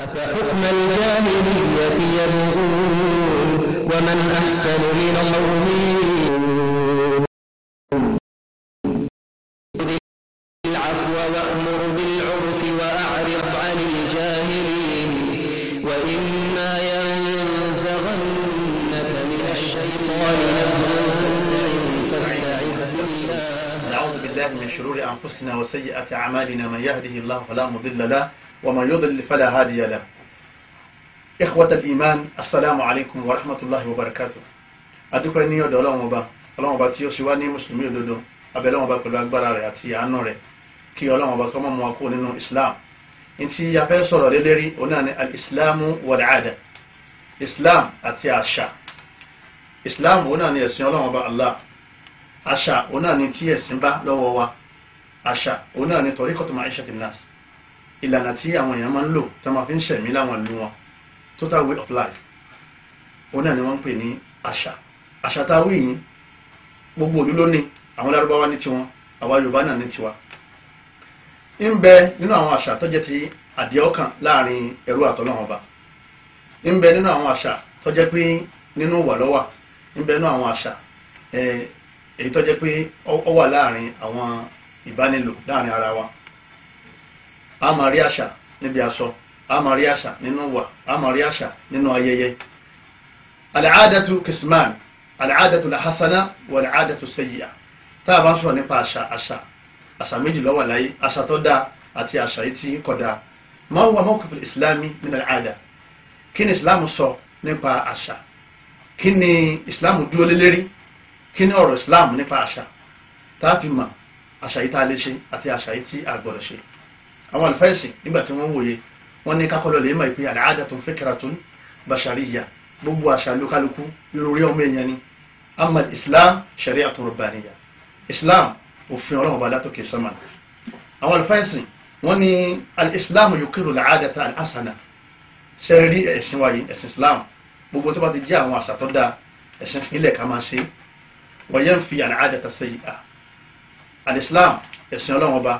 أفحكم الجاهلية يبغون ومن أحسن من الله العفو وأمر بالعرف وأعرض عن الجاهلين وإما ينزغنك من الشيطان نعوذ بالله من شرور أنفسنا وسيئة أعمالنا من يهده الله فلا مضل له ومن يضلل فلا هادي له إخوة الإيمان السلام عليكم ورحمة الله وبركاته adúpẹ́ ní ọ̀dọ̀ ọlọ́run ọba ọlọ́run ọba tí ó ṣe wá ní mùsùlùmí òdodo abẹ́lẹ́ ọba pẹ̀lú agbára rẹ̀ àti àánú rẹ̀ kí ọlọ́run ọba kó mọ́ mu akó nínú islam ntí a fẹ́ sọ̀rọ̀ lé lérí òun náà ni al-islamu wal-ada islam àti àṣà islam òun náà ni ẹ̀sìn ọlọ́run ọba allah àṣà òun náà ni tí ẹ̀sìn bá lọ́wọ́ wa àṣà òun náà ni tariqatu ma'ishati nnas ìlànà tí àwọn èèyàn máa ń lò tó máa fi ń ṣẹ̀mí láwọn ìlú wọn total way of life òun náà ni wọ́n ń pè ní àṣà àṣà tá a wí yìí gbogbo ìlú ló ní àwọn lárúbáwá ní tiwọn àwa yorùbá náà ní tiwa ń bẹ nínú àwọn àṣà tó ti àdìẹ ọkàn láàrin ẹrú ọba ń bẹ nínú àwọn àṣà tó pé nínú ń bẹ nínú àwọn àṣà eh, èyí tó pé láàrin àwọn ìbánilò láàrin a máa rí àṣà níbi aṣọ a máa rí àṣà nínú wà a máa rí àṣà nínú ayẹyẹ. al-aadatu kisman al-aadatu lahasana wa al-aadatu sayyi'a tá a bá ń sọ̀rọ̀ nípa àṣà àṣà àṣà méjì ló wà láyé àṣà tó dáa àti àṣà yìí tí kò dáa ma huwa mawqiful islami min al-aada kí ni islam sọ nípa àṣà kí ni islam dúró lé lérí kí ni ọ̀rọ̀ islam nípa àṣà tá a fi mọ̀ àṣà yìí tá a lè ṣe àti àṣà yìí tí a gbọ́dọ̀ ṣe àwọn àlùfáìsì nígbà tí wọ́n wòye wọ́n ní kákọ́ lọ́lẹ̀ ìmọ̀ ìpè al'adatun fikratun bashariyya gbogbo àṣà lókàlùkù ìròrí ọmọ èèyàn ni amal islam shari'atun rabbaniyya islam òfin ọlọ́run ọba látòkè sọ́mà àwọn àlùfáìsì wọ́n ní al'islam yukiru al'adata al'asana sẹ́rí ẹ̀sìn wáyé ẹ̀sìn islam gbogbo tó bá ti jẹ́ àwọn àṣà tó dáa ẹ̀sìn ilẹ̀ ká máa ṣe wọ́n yẹn fi al'adata sayyi'a al'islam ẹ̀sìn ọlọ́run ọba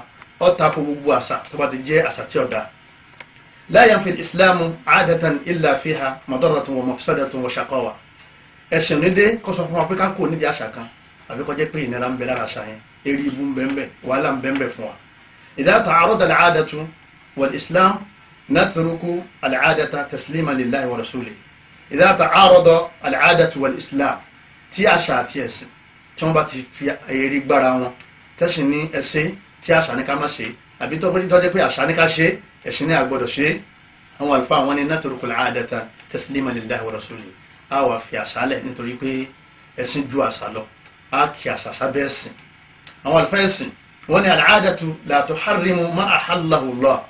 ọ̀tà kò gbogbo àṣà tó bá ti jẹ́ àṣà tí ọ̀dà la yanfi al-islamu 'adatan illa fiha madarratun wa mafsadatun wa shaqawa ẹ̀sìn nídé kó sọ fún wa pé ká kó nídìí àṣà kan àbí kó jẹ́ pé ìnira ń bẹ lára àṣà yẹn eré ibu ń bẹ ń bẹ wàhálà ń bẹ ń bẹ fún wa idha ta'arada al-'adatu wal-islam natruku al-'adata tasliman lillahi wa rasulihi idha ta'arada al-'adatu wal-islam tí àṣà àti ẹ̀sìn tí wọ́n bá ti fi èrè gbára wọn tẹ́sìn ní ẹ̀sìn tí àṣà ní ká má ṣe àbí tó bójú tọ́jú pé àṣà ní ká ṣe ẹ̀sìn ní àgbọ̀dọ̀ ṣe àwọn àlùfáà wọn ni nàtòrúkọ àádẹ́ta tẹ̀sílímà lillahi wa rasuli a wà fi àṣà lẹ̀ nítorí pé ẹ̀sìn ju àṣà lọ a kì àṣà sábẹ́ ẹ̀sìn àwọn àlùfáà ẹ̀sìn wọn ni àdáàdàtú la tuharrimu ma ahallahu Allah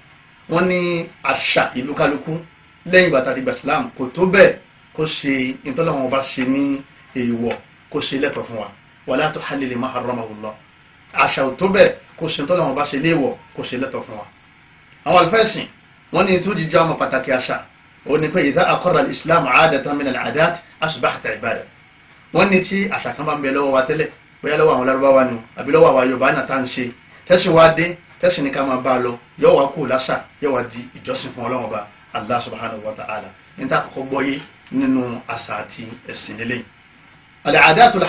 wọn ni àṣà ìlú kálukú lẹ́yìn bàtà ti gbà kò tó bẹ́ẹ̀ kó ṣe ìtọ́lọ́wọ́n kó ṣe tọ́lọ̀ wọn bá ṣe léèwọ̀ kó ṣe lẹ́tọ̀ fún wa. àwọn àlùfẹ́sìn wọ́n ní tó jíjọ́ àwọn pàtàkì àṣà ó ní pé ìdá àkọ́rọ̀ islam àádẹ́ta min al-adat asbahta ibada wọ́n ní tí àṣà kan bá ń bẹ lọ́wọ́ wa tẹ́lẹ̀ bóyá lọ́wọ́ àwọn lárúbáwá ni àbí lọ́wọ́ àwọn yorùbá náà tá à ń ṣe tẹ́sí wa dé tẹ́sí ni ká máa bá a lọ yọ kú lásà yọ di ìjọsìn fún ọlọ́wọ́n ba allah subhanahu wa ta'ala ní tá àkọ́kọ́ gbọ́yé nínú àṣà àti ẹ̀sìn lélẹ́yìn. al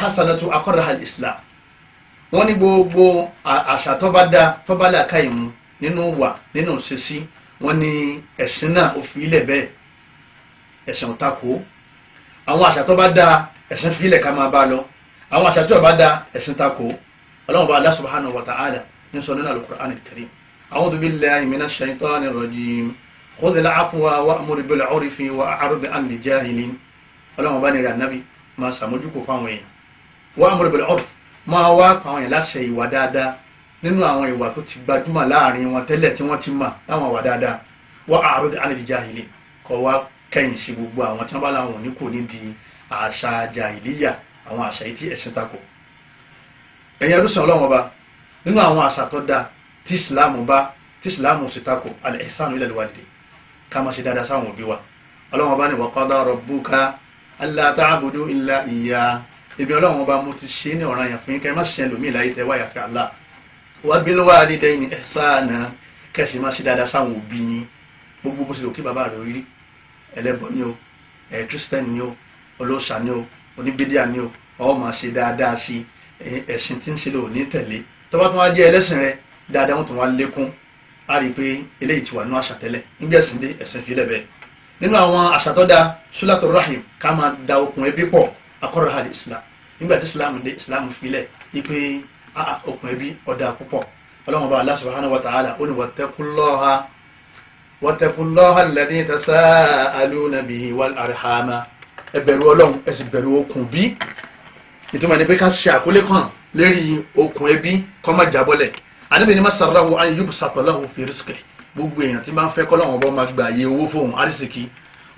hasanatu aqarraha al-islam wọ́n ní gbogbo àṣà tó bá da tó bá là ká ìmú nínú wà nínú ṣíṣí wọ́n ní ẹ̀sìn náà ó fi ilẹ̀ bẹ́ẹ̀ ẹ̀sìn ò takò àwọn àṣà tó bá da ẹ̀sìn fi ilẹ̀ ká máa bá lọ àwọn àṣà tí ò bá da ẹ̀sìn takò ọlọ́run bá Allah subhanahu wa ta'ala ní sọ nínú al-Qur'an al-Karim a'udhu billahi minash shaitanir rajim khudhil afwa wa'mur bil 'urfi wa'rid 'anil jahilin ọlọ́run bá nílẹ̀ ànábì máa ṣàmójúkò fáwọn èèyàn wa'mur bil 'urfi máa wá pa àwọn yẹn láṣẹ ìwà dáadáa nínú àwọn ìwà tó ti gbajúmọ̀ láàrin wọn tẹ́lẹ̀ tí wọ́n ti mọ̀ láwọn ìwà dáadáa wọ́n àárọ̀ àlejò jahili kọ́ wá kẹ́yìn sí gbogbo àwọn tí wọ́n bá láwọn òní kò ní di àṣà jahiliya àwọn àṣà yìí tí ẹ̀sìn takò ẹ̀yin ẹrú ọlọ́wọ́n ba nínú àwọn àṣà tó dáa tí ìsìláàmù bá tí ìsìláàmù sì takò al-ihsanu èmi ọlọ́run ọba mo ti ṣe ní ọ̀ràn yẹn fún yín kẹ́ ẹ má ṣe ẹlòmíì láyé tẹ wáyà fẹ́ àlá wá bí lówó adídẹ́ ní ẹ̀sáànà kẹ́sì má ṣe dáadáa sáwọn òbí yín gbogbo bó ṣe lò kí bàbá rẹ̀ rí ẹlẹ́bọ ni o ẹ̀ kírísítẹ́nì ni o olóòṣà ni o oníbídíà ni o ọ máa ṣe dáadáa sí ẹ̀sìn tí ń ṣe lò ní tẹ̀lé tọ́ba tó wá jẹ́ ẹlẹ́sìn rẹ dáadáa wọn tó wá lékún rahim ká máa da akọrọ hali islam nígbà tí islam dé islam filẹ̀ ipe okùn ẹbí ọ̀dà púpọ̀ ọlọ́run bá Allah subhanahu wa ta'ala ó ní wattaqullaha wattaqullaha alladhi tasa'aluna bihi wal arhama ẹ bẹ̀rù ọlọ́run ẹ sì bẹ̀rù okùn bí ìtumọ̀ ní pé ká ṣe àkólé kan lérí okùn ẹbí kó má jábọ́lẹ̀ àdébí ni masarahu an yubsata lahu fi rizqihi gbogbo èèyàn tí máa ń fẹ́ kọ́ lọ́wọ́ bọ́ gbà yé owó fóun arísìkì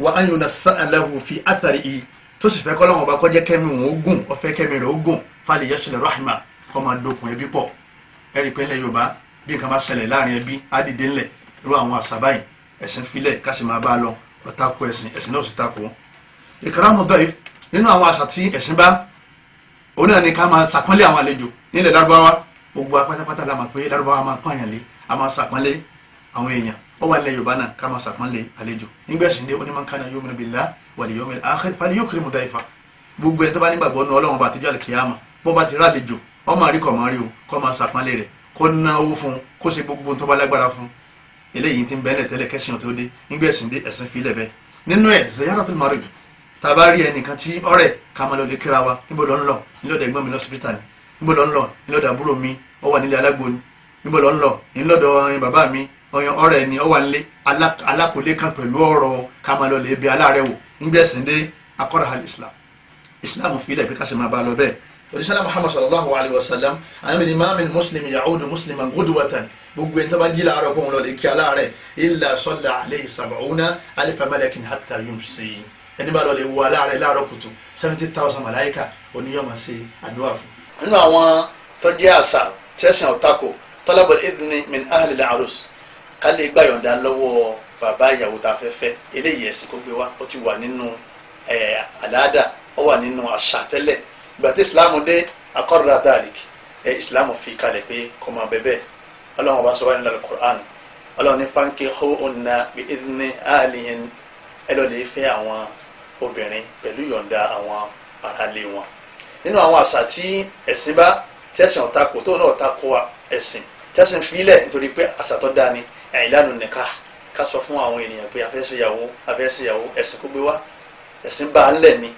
wa an yunassa'a lahu fi atharihi tó sì fẹ́ kọ́ lọ́wọ́ ọba kó jẹ́ kẹ́mi òun ogun ọ̀fẹ́ kẹ́mi rẹ̀ ogun fàlẹ̀ yẹ́sùlẹ̀ rahima kọ́ máa dokùn ẹbí pọ̀ ẹ̀rí pé ńlẹ̀ yorùbá bí nǹkan bá ṣẹlẹ̀ láàrin ẹbí á dìde ńlẹ̀ irú àwọn àṣàbá yìí ẹ̀sìn filẹ̀ ká sì máa bá a lọ ọ̀tá kó ẹ̀sìn ẹ̀sìn náà sì ta kó. ìkàràmù dọ́yì nínú àwọn àṣà tí ẹ̀sìn bá òun ni ká máa ṣàpọ́nlé àwọn àlejò nílẹ̀ lárúbáwá gbogbo apátápátá la mọ̀ pé lárúbáwá máa pààyàn lé a máa ṣàpọ́nlé àwọn èèyàn wọ́n wà ní Yorùbá náà ká máa sàpọ́nlé àlejò nígbẹ̀sìn dé onímọ̀ kánà yu'minu billahi wal yawmil akhir falyukrim dayfa gbogbo ẹ̀ tó bá nígbàgbọ́ nu ọlọ́run bá tijọ́ àlùkìyàmà bó bá ti rà àlejò wọ́n máa rí kọ̀mọ́ rí o kọ́ máa sàpọ́nlé rẹ̀ kó ná owó fún un kó ṣe gbogbo tó bá lágbára fún un eléyìí ti ń bẹ́ẹ̀lẹ̀ tẹ́lẹ̀ kẹ́sìn tó mi lọ́sibítà ni níbo lọ ń lọ mi ó ni níbo lọ ń lọ nílọ̀dọ̀ bàbá mi ọ̀rẹ́ ni ọ wà nílé alákòólé kan pẹ̀lú ọ̀rọ̀ kamalọ́lẹ̀ ibi aláàrẹ̀ wò nígbẹ̀sìn dé akọ́rọ̀ hal islam islam fi ilẹ̀ fi kásì máa bá lọ bẹ́ẹ̀ òṣìṣẹ́lá muhammad sallallahu alayhi wa sallam àwọn ènìyàn máa ń muslim yahudu muslim gudwatan gbogbo ẹni tó bá jí láàárọ̀ fún wọn lọ kí aláàrẹ̀ illa salla alayhi sab'una alifa malakin hatta yumsi ẹni bá lọ lè wo aláàrẹ̀ láàárọ̀ kùtù seventy thousand malaika oníyàn máa ṣe fún. nínú àwọn tọ́jú àṣà tẹ̀sán ọ̀tako talabal idni min ahli al-arus ká lè gbà yọ̀ǹda lọ́wọ́ bàbá ìyàwó tá a fẹ́ fẹ́ eléyìí ẹ̀sìn kó gbé wá ó ti wà nínú àdáàdà ó wà nínú àṣà tẹ́lẹ̀ ìgbà tí ìsìláàmù dé akọ́rọ̀dá dàlík ẹ ìsìláàmù fi kalẹ̀ pé kọ́ máa bẹ́ bẹ́ẹ̀ ọlọ́run ọba sọ́wọ́ nílẹ̀ kọ́ránù ọlọ́run ní fáńkì hó ọ̀nà bí ẹni àlìyẹn ẹ lọ lè fẹ́ àwọn obìnrin pẹ̀lú yọ̀ǹda àwọn aráalé wọn nínú àwọn àṣà tí ẹ̀sìn bá tẹ̀sìn ọ̀tako tó náà ọ̀tako ẹ̀sìn tẹ̀sìn fílẹ̀ nítorí pé àṣà tó dáa ni ìlànà nìka ká sọ fún àwọn ènìyàn pé afẹ́sẹ̀yàwó afẹ́sẹ̀yàwó ẹ̀sìn kó gbé wá ẹ̀sìn bá a ń lẹ̀ ni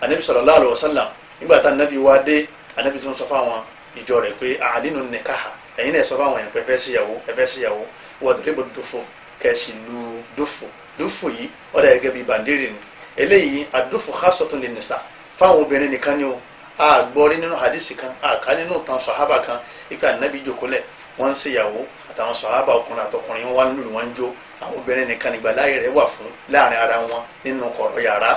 anabi sallallahu alaihi wasallam nígbà tá anabi wá dé anabi tó ń sọ fáwọn ìjọ rẹ̀ pé àdínú nìka ẹ̀yin náà sọ fáwọn èèyàn pé ẹfẹ́sẹ̀yàwó ẹfẹ́sẹ̀yàwó wọ́dùrẹ́bù dùfò kẹ̀sì lu dùfò dùfò yìí ọ̀dà gẹ́gẹ́ bíi bàndírì ni eléyìí àdùfò khasatun lin nisa fáwọn obìnrin nìkan ni o àgbọ̀rí nínú hadisi kan àká nínú tan sàhábà kan ìgbà anabi jòkólẹ̀ wọ́n ń ṣèyàwó àtàwọn sọ̀hábà ọkùnrin àtọkùnrin wọn wá lùlù wọn jó àwọn obìnrin nìkan nígbà láyè rẹ̀ wà fún láàrin ara wọn nínú kọ̀rọ̀ yàrá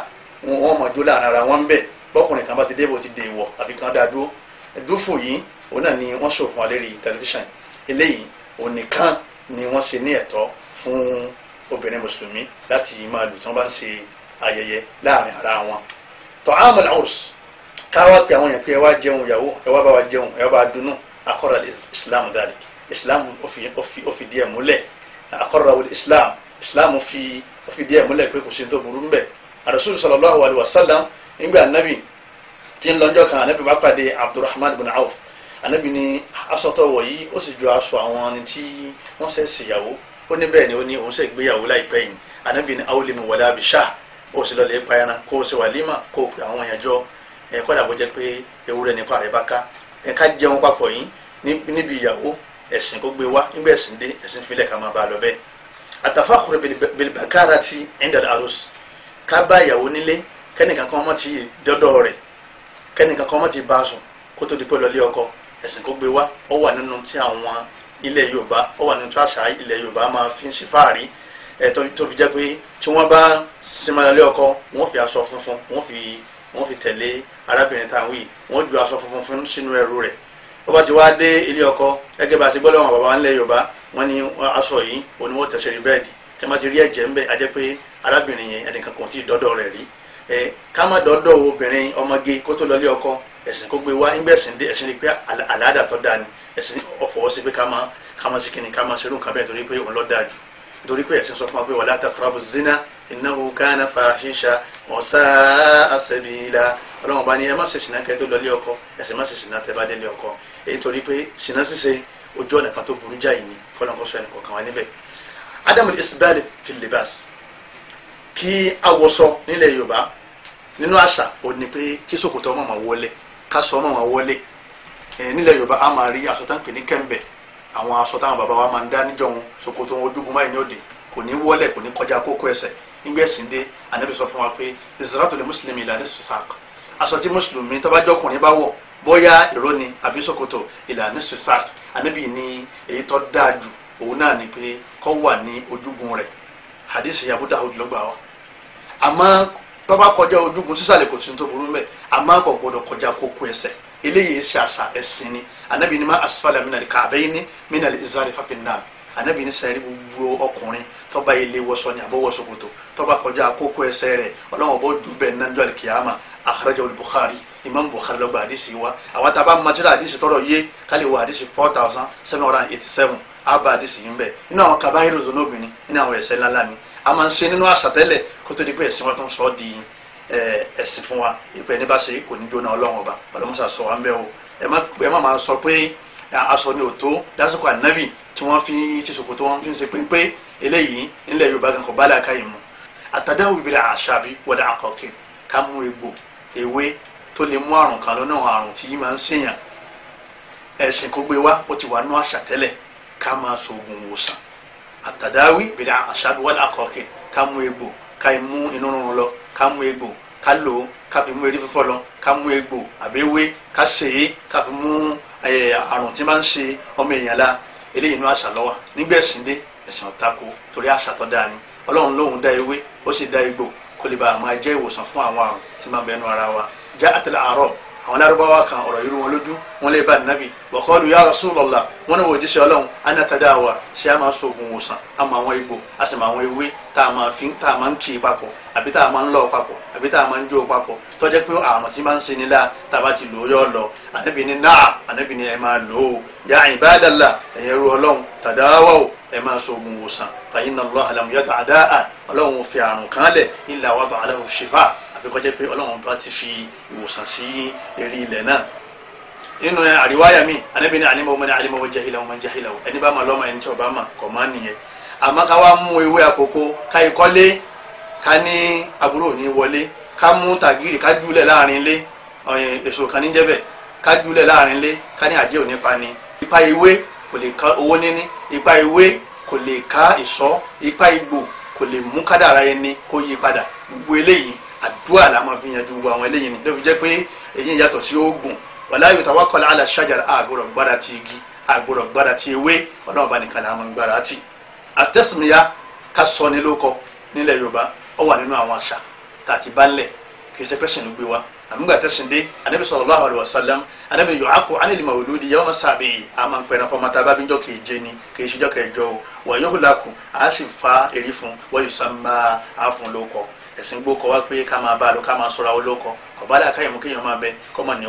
wọn wọn mọ̀ jó láàrin ara wọn ń bẹ̀ bọ́kùnrin kan bá ti débò ti dè wọ̀ àbí kan dá dúró dúfò yìí òun náà ni wọ́n ṣòfin wa lérí tẹlifíṣàn eléyìí òun nìkan ni wọ́n ṣe ní ẹ̀tọ́ fún obìnrin mùsùlùmí láti máa lù tí wọ́n bá ń ṣe ayẹyẹ láàrin ara wọn tọ́hámù làwùs káwá pé àwọn yẹn pé ẹ wá jẹun ìyàwó ẹ wá bá wa jẹun ẹ wá bá wa akọ́ra islam dalik islam òfi díẹ̀ múlẹ̀ akọ́rọ̀ra wọlé islam islam fi òfi díẹ̀ múlẹ̀ pé kò sí tó burú mbẹ̀ arasul sallallahu alayhi wa sallam nígbà anabi tí ń lọ́jọ́ kan anabi bá pàdé abdulrahman bin auf anabi ni asọ́tọ̀ wọ̀nyí ó sì ju aṣọ àwọn ẹni tí wọ́n ṣe ṣèyàwó ó ní bẹ́ẹ̀ ni ó ní òun ṣe gbéyàwó láìpẹ́ yìí anabi ni awolé mi wọlé abisha ó sì lọ́lẹ̀ pa ẹran kó o ṣe wàlímà kó o pe àwọn èèyàn jọ kọ́dà bó jẹ́ pé ewúrẹ́ nípa rẹ̀ bá ká ẹ̀ka jẹun papọ̀ yìí níbi ìyàwó ẹ̀sìn kó gbé wá nígbà ẹ̀sìn dé ẹ̀sìn filẹ̀ ká máa bá a lọ bẹ́ẹ̀ àtàfàkùrẹ̀ bilibakara ti indal arus ká bá ìyàwó nílé kẹ́nìkan kan mọ́ ti dọ́dọ̀ rẹ̀ kẹ́nìkan kan mọ́ ti bá a sùn kó tó di pé lọ́lé ọkọ ẹ̀sìn kó gbé wá ó wà nínú tí àwọn ilẹ̀ Yorùbá ó wà nínú tí àṣà ilẹ̀ Yorùbá máa fi ń ṣe fáàrí tó fi jẹ́ pé tí wọ́n bá simalẹ̀ ọkọ wọ́n fi aṣọ funfun wọ́n fi tẹ̀lé arábìnrin táwọn yìí wọ́n ju aṣọ funfun sínú ẹrù rẹ̀ ó bá ti wá dé ilé ọkọ gẹ́gẹ́ bá a ti gbọ́ lọ́wọ́ bàbá ńlẹ̀ yorùbá wọ́n ní aṣọ yìí òní wọ́n tẹ̀sẹ̀ rí bẹ́ẹ̀dì tí wọ́n ti rí ẹ̀jẹ̀ ńbẹ ajẹ́ pé arábìnrin yẹn ẹnìkan kò tí ì dọ́dọ̀ rẹ̀ rí ẹ ká má dọ́dọ̀ obìnrin ọmọge kó tó lọlé ọkọ ẹ̀sìn kó gbé wá ńgbẹ́ ẹ̀sìn dé ẹ̀sìn rí pé àlàádà tó dáa ni ẹ̀sìn ọ̀fọ̀wọ́ sí pé ká má ká má sí kíni ká má innahu kana fahisha wa sa'a sabila ọlọ́run bá ní ẹ má ṣe ṣìnà kẹ́ tó lọ lé ọkọ ẹ sì má ṣe ṣìnà tẹ́ bá délé ọkọ èyí torí pé ṣìnà ṣíṣe ojú ọ̀nà kan tó burú jáì ni fọlọ́nkọ́sọ ẹnì kọ̀ọ̀kan wá níbẹ̀ adamu isbali filibas kí awọsọ nílẹ̀ yorùbá nínú àṣà ò ní pé kí ṣòkòtò ọmọ máa wọlé káṣọ ọmọ máa wọlé nílẹ̀ yorùbá a máa rí aṣọ tá ń pè ní kẹ́ńbẹ̀ àwọn aṣọ táwọn bàbá wa máa ń dá níjọ́ wọn ṣòkòtò wọn ojúgun báyìí ní òde kò ní wọlé kò ní kọjá kókó ẹsẹ̀ nígbà ẹ̀sìn dé ànábì sọ fún wa pé ìsirátò Muslimi mùsùlùmí ìlànà ìsùsàk aṣọ tí mùsùlùmí tó bá jọkùnrin bá wọ̀ bóyá ìró ni àbí ṣòkòtò ìlànà ìsùsàk ànábì ní èyí tó dáa jù òun náà ni pé kó wà ní ojúgun rẹ̀ hadisi Abu Dawud ló gbà wá àmọ́ tó bá kọjá ojúgun sísàlẹ̀ kò sí burú mbẹ̀ àmọ́ kò gbọdọ̀ kọjá kókó ẹsẹ̀ eléyìí ṣe àṣà ẹ̀sìn ni ànábì ní má asfala minal ka'bayni minal izari fafinna ànábì ní sẹ́yìn gbogbo ọkùnrin tọ́ba ilé wọṣọ ni àbọ̀ wọṣọ kòtò tọ́ba kọjá àkókò ẹsẹ̀ rẹ̀ ọlọ́wọ́n bọ́ jù bẹ́ẹ̀ náà alikiyama akhrajahu al-Bukhari imam Bukhari lọ́gba àdìsí wa àwọn tá a bá matira àdìsí tọ́rọ̀ yé kálí wọ àdìsí four thousand seven hundred and eighty seven àbá àdìsí yìí ń inú àwọn kabayiru zonobi ni inú àwọn ẹsẹ̀ ńláńlá ni a máa ń ṣe nínú àṣàtẹ́lẹ̀ kó tó di pé ẹ̀sìn wọn tó ń sọ di ẹ̀sìn fún wa ìpè ní bá ṣe kò ní jóná ọlọ́run ọba balùwẹ̀mọ́sà sọ wa ń bẹ̀ o ẹ eléyìí nílẹ̀ yorùbá kan kò bá làákà yìí mu àtàdáwò ìbílẹ̀ àṣàbí wọ̀dà àkọ́kẹ́ ká mú egbò ewé tó lè mú àrùn kan lọ́nà àrùn tí yìí máa ń ṣèyàn ẹ̀sìn kó gbé wá ó ti wà nú àṣà tẹ́lẹ̀ ká máa so oògùn wòsàn àtàdáwì ìbílẹ̀ àṣàbí wọ̀dà àkọ́kẹ́ ká mú egbò ká mú inú rúnrún lọ ká mú egbò ká lò ó ká fi mú eré fífọ́ lọ ká mú egbò àbẹ́wé ká ṣèyí ká fi mú àrùn tí máa ń ṣe ọmọ èèyàn la eléyìí inú àṣà lọ́wọ́ nígbẹ̀sìn ẹ̀sìn ọ̀tako torí àṣà tó dáa ni ọlọ́run lóhun dá ewé ó sì dá igbó kó lè ba àmọ́ ẹjẹ́ ìwòsàn fún àwọn àrùn tí máa bẹnu ara wa já àtẹlẹ àárọ̀ àwọn lárúbáwá kan ọ̀rọ̀ irú wọn lójú wọn lè bá nàbì wọ́kọ́lù ya Rasulullah wọn ni wò jíṣẹ́ ọlọ́run anátàdáwà ṣé a máa sọ̀gùn wòsàn a máa wọn igbó a sì máa wọn ewé tá a máa fi tá a máa ń tì papọ̀ àbí tá a máa ń lọ papọ̀ àbí tá a máa ń jó papọ̀ tọ́jẹ́ pé àrùn tí máa ń ṣe nílá tá a bá ti lò ó yọ lọ ànábì náà ànábì ẹ máa lò ó ya ibadallah ẹ̀yẹ ru ọlọ́run tàdáwà o ẹ máa so mu wòsàn fàyín náà lọ àlàmú yàtọ̀ àdáà ọlọ́run fi àrùn kan lẹ̀ ilà wà tó àlàmú ṣèfà àbíkọ́jẹ́ pé ọlọ́run bá ti fi ìwòsàn sí eré ilẹ̀ náà nínú àríwáyà mi anábì ní ànímọ̀ ọmọ ní ànímọ̀ ọmọ jahila ọmọ jahila ẹni bá ma lọ́mọ ẹni tí ọba ma kọ̀ máa nìyẹn àmọ́ ká wá mú ewé àkókò ká ìkọ́lé ká ní àbúrò ní wọlé ká mú tàgírì ká júlẹ̀ láàrin ilé èso kan ní ká júlẹ̀ láàrin ilé ká ní àjẹ́ òní pa ni ipa ewé kò lè ká owó níní ipa ewé kò lè ká ìsọ ipa igbó kò lè mú kádàrá ẹni kó yí padà gbogbo eléyìí àdúrà la máa fi yanjú àwọn eléyìí ni ló fi jẹ́ pé èyí yàtọ̀ sí oògùn wàlá yóò tàwa kọ́lá àlà ṣájàrá àgbọ̀rọ̀ gbára ti igi àgbọ̀rọ̀ gbára ti ewé ọlọ́run bá nìkan làwọn gbára ti àtẹ́sìmíyá ká sọ ní lóko nílẹ̀ yorùbá ó wà nínú àwọn àṣà tàtí bá ńlẹ̀ kì í ṣe pẹ́sìn ló gbé wa àmúgbà tẹ̀sìn dé anabi sallallahu alaihi wasallam anabi yu'aqu anil mawludi yawma sabi a máa ń pẹ̀rẹ̀ fọmọ tá a bá bí jọ́ kìí jẹ́ ni kìí ṣe jọ́ kẹjọ o wa yuhlaku a sì fa èrè fún wa yusamma a fún lóko ẹ̀sìn gbó kọ́ wá pé ká máa bá a lọ ká máa sọ̀rọ̀ àwọn lóko ọba aláàká yẹn mú kéèyàn máa bẹ kọ́ máa ní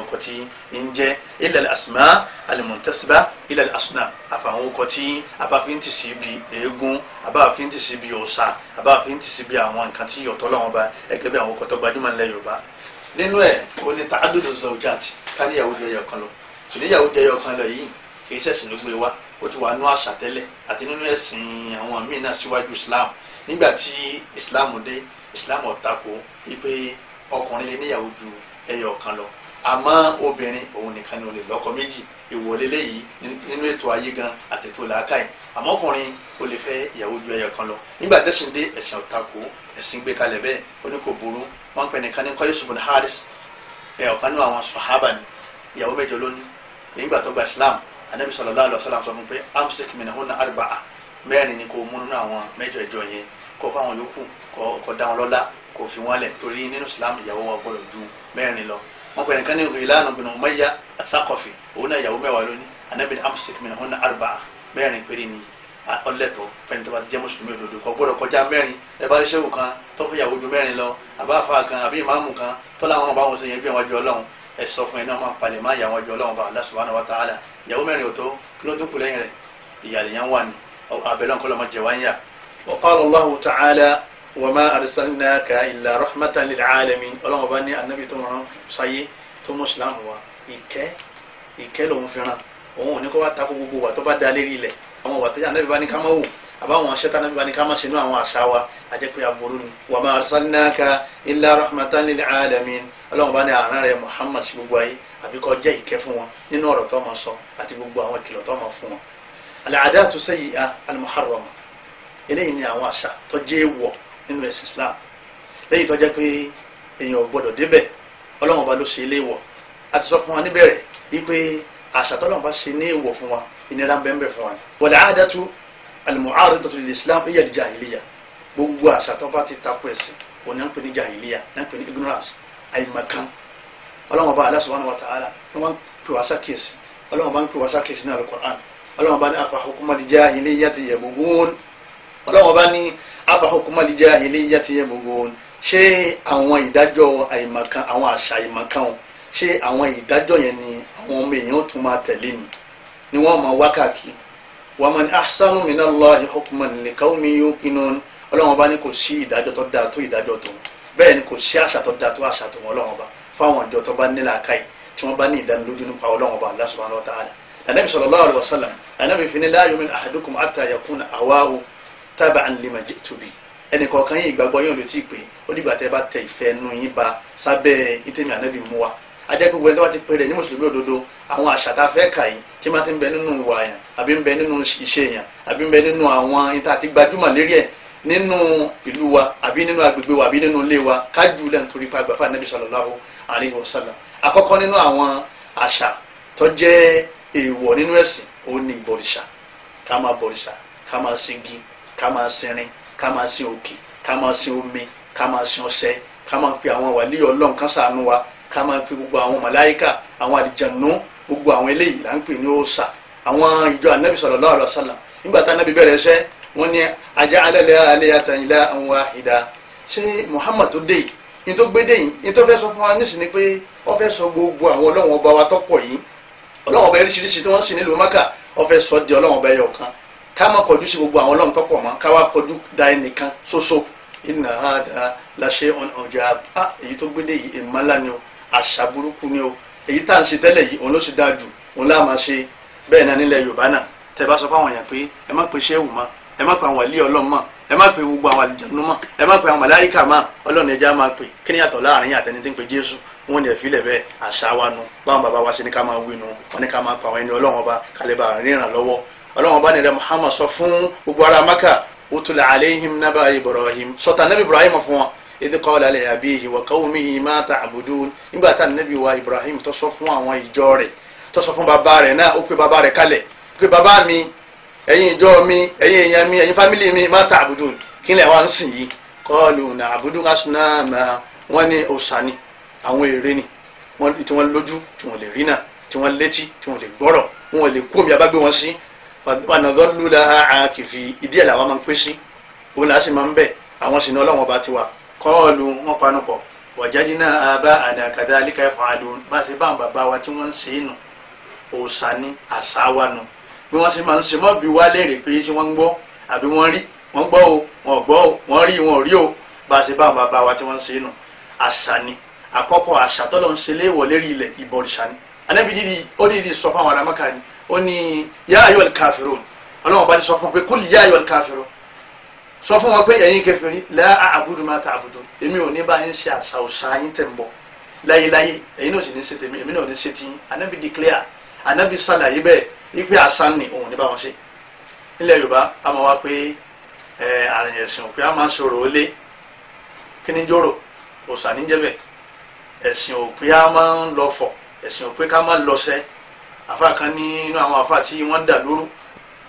illa al-asma al-muntasiba ila al-asnam àfàwọn ọkọ̀ tí abáfin ti sí bi eégún abáfin ti sí bi òòṣà abáfin ti sí bi àwọn nǹkan tí yọ̀tọ̀ lọ́wọ́ bá ẹgbẹ́ bí àwọn ọkọ̀ tó gbajúmọ̀ nílẹ̀ Yorùbá nínú ẹ̀ o ní ta'adudu zawjat káníyàwó jẹ́ ẹyọkan lọ ìníyàwó jẹ́ ẹyọkan lọ yìí kì í ṣẹ̀sìn ló gbé wa ó ti wà nú àṣà tẹ́lẹ̀ àti nínú ẹ̀sìn àwọn míì náà síwájú islam nígbà tí islam dé islam ò tako ọkùnrin lè níyàwó ju ẹyọkan lọ àmọ́ obìnrin òun nìkan ni ó lè lọ́kọ méjì ìwọlé léyìí nínú ètò ayé gan àtètò làákàyè àmọ́ ọkùnrin ó lè fẹ́ ìyàwó ju ẹyọ kan lọ nígbà tẹ́sìn dé ẹ̀sìn ọ̀tàkù ẹ̀sìn gbé kalẹ̀ bẹ́ẹ̀ ó ní kò burú wọ́n pè nìkan ní kọ́ Yusuf bin Haris ẹ̀ ọ̀kan nínú àwọn sahaba ni ìyàwó mẹ́jọ lónìí nígbà tó gba Islam anabi sallallahu alaihi arba'a mẹ́rin ni kò mú nínú àwọn mẹ́jọ ìjọ yẹn kó fáwọn yòókù kó dá wọn lọ́lá kó fi wọn lẹ̀ torí wọn pẹ̀lú kan ní ìlànà bin Umayya athaqafi òun náà yàwó mẹ́wàá lónìí anabi amsik minhunna arba'a mẹ́rin péré ni ọlẹ́tọ̀ fẹ́ni tó bá jẹ́ mùsùlùmí òdodo kò gbọ́dọ̀ kọjá mẹ́rin ẹ bá ṣẹ́wù kan tó fẹ́ yàwó ju mẹ́rin lọ àbáfà kan àbí ìmáàmù kan tó láwọn ọba wọn sọ yẹn bí wọn jọ ọlọ́run ẹ sọ fún ẹ náà máa palẹ̀ máa yàwọn jọ ọlọ́run bá Allah subhanahu wa ta'ala yàwó mẹ́rin ò tó kí ló tó kù lẹ́yìn ìyàlẹ̀ yẹn wà ní abẹ́lẹ́ wama arsalnaka illa rahmatan lil alamin ọlọ́run ọba ní anabi tó rán sáyé tó mùsùlùmí wa ìkẹ́ ìkẹ́ lòun fẹ́ràn òun ò ní kó wá takò gbogbo wa tó bá da lérí ilẹ̀ àwọn wà tó yà anabi bá ní ká má wò àbáwọn aṣẹ́ta anabi bá ní ká má sinú àwọn àṣà wa àjẹpẹ́ aburú ni wama arsalnaka illa rahmatan lil alamin ọlọ́run ọba ní àárín rẹ̀ muhammad sí gbogbo ayé àbí kó jẹ́ ìkẹ́ fún wọn nínú ọ̀rọ̀ tó máa sọ àti gbogbo àwọn ìkìlọ̀ tó máa fún wọn al-adatu al-muharrama eléyìí ni àwọn àṣà tó jẹ́ èèwọ̀ nínú ẹ̀sìn Islam lẹ́yìn tó jẹ́ pé èèyàn ò gbọ́dọ̀ débẹ̀ ọlọ́run ọba ló ṣe ilé wọ̀ a ti sọ fún wa níbẹ̀rẹ̀ wípé àṣà tọ́lọ́run bá ṣe ní èèwọ̀ fún wa ìnira ń bẹ́ẹ̀ bẹ́ẹ̀ fún wa. wal aadatu al-mu'aaridatu lil-Islam hiya al-jahiliya gbogbo àṣà tó bá ti takò ẹ̀sìn òun náà ń pè ní jahiliya náà ń pè ní ignorance àìmọ̀kan ọlọ́run ọba Allah subhanahu wa ta'ala ni wọ́n pè wá sákèsì ọlọ́run ọba ń pè wá sákèsì ní al-Qur'an ọlọ́run ọba ní afa hukmal jahiliyati yabghun ọlọ́wọ́n bá ní afahukumul jahiliyyati yabghun ṣé àwọn ìdájọ́ àìmọ̀kan àwọn àṣà àìmọ̀kan o ṣé àwọn ìdájọ́ yẹn ni àwọn ọmọ èèyàn tún máa tẹ̀lé ni ni wọ́n máa wá káàkiri wa man ahsanu minallahi hukman liqawmin yuqinun ọlọ́wọ́n bá ní kò sí ìdájọ́ tó dáa tó ìdájọ́ tó bẹ́ẹ̀ ni kò sí àṣà tó dáa tó àṣà tó ọlọ́wọ́n bá fáwọn ìjọ tó bá nílà káyì tí wọ́n bá ní ìdánilójú nípa ọlọ́wọ́n bá Allah subhanahu wa ta'ala anabi sallallahu alaihi wasallam anabi fi ni la tábà ànlẹ́màjẹ́ tóbi ẹnìkọ̀ọ̀kan yìí ìgbàgbọ́ yóò lè ti pè é ó dìgbà bá tẹ ìfẹ́ nu yín ba sábẹ́ ìtẹ̀mí ànábì mú wa ajẹ́pẹ́ wẹ́n tó bá ti pè rẹ̀ ní mùsùlùmí òdodo àwọn àṣà tá a fẹ́ kà yìí tí máa ti ń bẹ nínú ìwà yẹn àbí ń bẹ nínú iṣẹ́ yẹn àbí ń bẹ nínú àwọn ìta àti gbajúmọ̀ lérí ẹ̀ nínú ìlú wa àbí nínú agbègbè wa àbí nínú ilé wa kájú lẹ́nu torí pa àgbàfà nàbì sallallahu alaihi wasallam àkọ́kọ́ nínú àwọn àṣà tó jẹ́ èèwọ̀ nínú ẹ̀sìn òun ni ìbọ̀rìṣà ká máa bọ̀rìṣà ká máa ṣe ká máa sinrin ká máa sin òkè ká máa sin omi ká máa sin ọṣẹ ká máa pe àwọn wàlí ọlọ́run kan ṣàánú wa ká máa pe gbogbo àwọn màláíkà àwọn àlìjànnú gbogbo àwọn eléyìí là ń pè ní òòṣà àwọn ìjọ anabi sallallahu alaihi wasallam nígbà tá anabi bẹ̀rẹ̀ iṣẹ́ wọn ni ajá alẹ́lẹ́ alẹ́ àtàyìnlá àwọn wahida ṣé muhammad tó dé yìí ní tó gbé dé yìí ní tó fẹ́ sọ fún wa nísìn ni pé wọ́n fẹ́ sọ gbogbo àwọn ọlọ́run ọba wa tọ́pọ̀ yìí ọlọ́run ọba eríṣiríṣi tí wọ́n sì nílùú maka wọ́n fẹ́ sọ di ọlọ́run ọba ẹyọ kan ká má kọjú sí gbogbo àwọn ọlọ́run tọ́pọ̀ mọ́ ká wá kọjú da ẹnìkan ṣoṣo iná àdá láṣẹ ọjà a èyí tó gbélé yìí ìmọ̀lá ni o àṣà burúkú ni o èyí tá à ń ṣe tẹ́lẹ̀ yìí òun ló ṣe dáa jù òun láà máa ṣe bẹ́ẹ̀ náà nílẹ̀ yorùbá náà tẹ́ bá sọ fáwọn èèyàn pé ẹ má pe ṣéwù mọ́ ẹ má pe àwọn wàlíì ọlọ́run mọ́ ẹ má pe gbogbo àwọn àlùjànnú mọ́ ẹ má pe àwọn màláíkà mọ́ ọlọ́run ẹja máa pe kí ni yàtọ̀ láàrin àtẹni tí ń pe jésù wọn ni ẹ̀fílẹ̀ bẹ́ẹ̀ àṣà wa nu báwọn bàbá wa ṣe ní ká máa wí nu wọn ní ká máa pa àwọn ẹni ọlọ́run ọba kálẹ̀ bá ríran lọ́wọ́ ọlọ́run bá nìrẹ́ muhammad sọ fún gbogbo ara maka utula aleihim naba ibrahim sọta nabi ibrahim fún wọn idh qala li abihi wa qawmihi ma ta'budun nígbà tá nabi wa ibrahim tó sọ fún àwọn ìjọ rẹ̀ tó sọ fún bàbá rẹ̀ náà ó pe bàbá rẹ̀ kalẹ̀ pé bàbá mi ẹ̀yin ìjọ mi ẹ̀yin èèyàn mi ẹ̀yin fámìlì mi ma ta'budun kí lẹ wá ń sìn yìí qalu na'budu asnama wọ́n ní òòṣà ni àwọn ère ni tí wọ́n lójú tí wọ́n lè rí náà tí wọ́n létí fanadọ́lù laha àkìfì ìdí ẹ̀ làwọn máa ń pín sí òun làá sì máa ń bẹ̀ àwọn sì ní ọlọ́wọ́n bá ti wà kọ́ọ̀lù wọn panu pọ̀ wàjáde náà abá àdá kàdá àlíkà ẹ̀fọ́ àdùn bá ṣe bá àwọn bàbá wa tí wọ́n ń ṣe é nù òòṣà ni àṣà wa nù bí wọ́n ṣe máa ń ṣe mọ́ bí wá léèrè pé ṣé wọ́n ń gbọ́ àbí wọ́n rí wọ́n gbọ́ o wọ́n gbọ́ o wọ́n rí wọn ò rí o bá ṣe bá àwọn bàbá wa tí wọ́n ń ṣe é nù àṣà ni àkọ́kọ́ àṣà tọ́lọ́ ń ṣe léèwọ̀ lérí ilẹ̀ ìbọ̀rìṣà ni anábìdí ó ní ìdí sọ fáwọn aramaka ni ó ní yá ayọ̀ káfíró ọlọ́wọ́n bá ní sọ fún wọn pé kúlì yá ayọ̀ káfíró sọ fún wọn pé ẹ̀yin kèfèrí la àbúdù máa ta àbúdù èmi ò ní bá yín ṣe àṣà òṣà yín tẹ̀ ń bọ̀ láyéláyé ẹ̀yin náà sì ní ṣe tèmi èmi náà ní ṣe tiyín anábì declare anábì sàlàyé bẹ́ẹ̀ wípé àṣà ni òun ní bá wọn ṣe nílẹ̀ yorùbá a máa wá pé ẹ̀ àrùn òpin a máa ṣòro ó lé kí ni jòrò òṣà níjẹ́ bẹ́ẹ̀ ẹ̀sìn òpin a máa ń lọ fọ̀ ẹ̀sìn òpin ká máa lọ sẹ́ẹ́ àfa kan ní inú àwọn àfa tí wọ́n ń dà lóru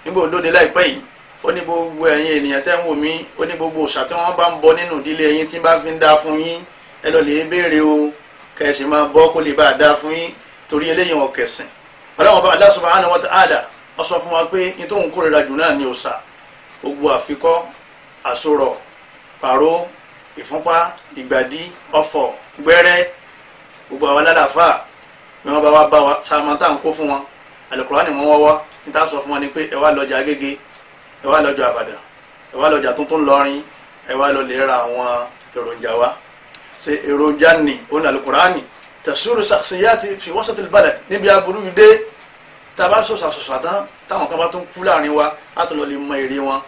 nígbà òdòdó láìpẹ́ yìí ó ní gbogbo ẹ̀yin ènìyàn tẹ́ ń wò mí ó ní gbogbo òòṣà tí wọ́n bá ń bọ nínú ìdílé yín tí bá fi ń dá fún yín ẹ lọ lè béèrè o kẹ̀sì máa bọ́ kó lè bá a dá fún yín torí eléyìí wọn kẹ̀sìn ọlọ́wọ́n bá Allah subhanahu wa ta'ala wọ́n sọ fún wa pé ní tóun kórira jù náà ní òòṣà gbogbo àfikọ́ àsorọ̀ pàró ìfúnpá ìgbàdí ọ̀fọ̀ gbẹ́rẹ́ gbogbo àwọn alálàáfáà bí wọ́n bá wá bá wa sàmọ́tà ń kó fún wọn àlùkùránì wọ́n wọ́wọ́ níta sọ fún wọn ni pé ẹ wá lọ́jà Agége ẹ wá lọ́jà Àbàdàn ẹ wá lọ́jà tuntun lọ́rin ẹ wá lọ lè ra àwọn èròjà wa ṣe èròjà ni òun àlùkùránì tẹ̀sùrù sàṣìyàtì fi wasatil balad níbi aburú yìí dé tàbá sọ̀sà sọ̀sà tán táwọn kan bá tún kú láàrin wa láti lọ lè mọ èrè wọn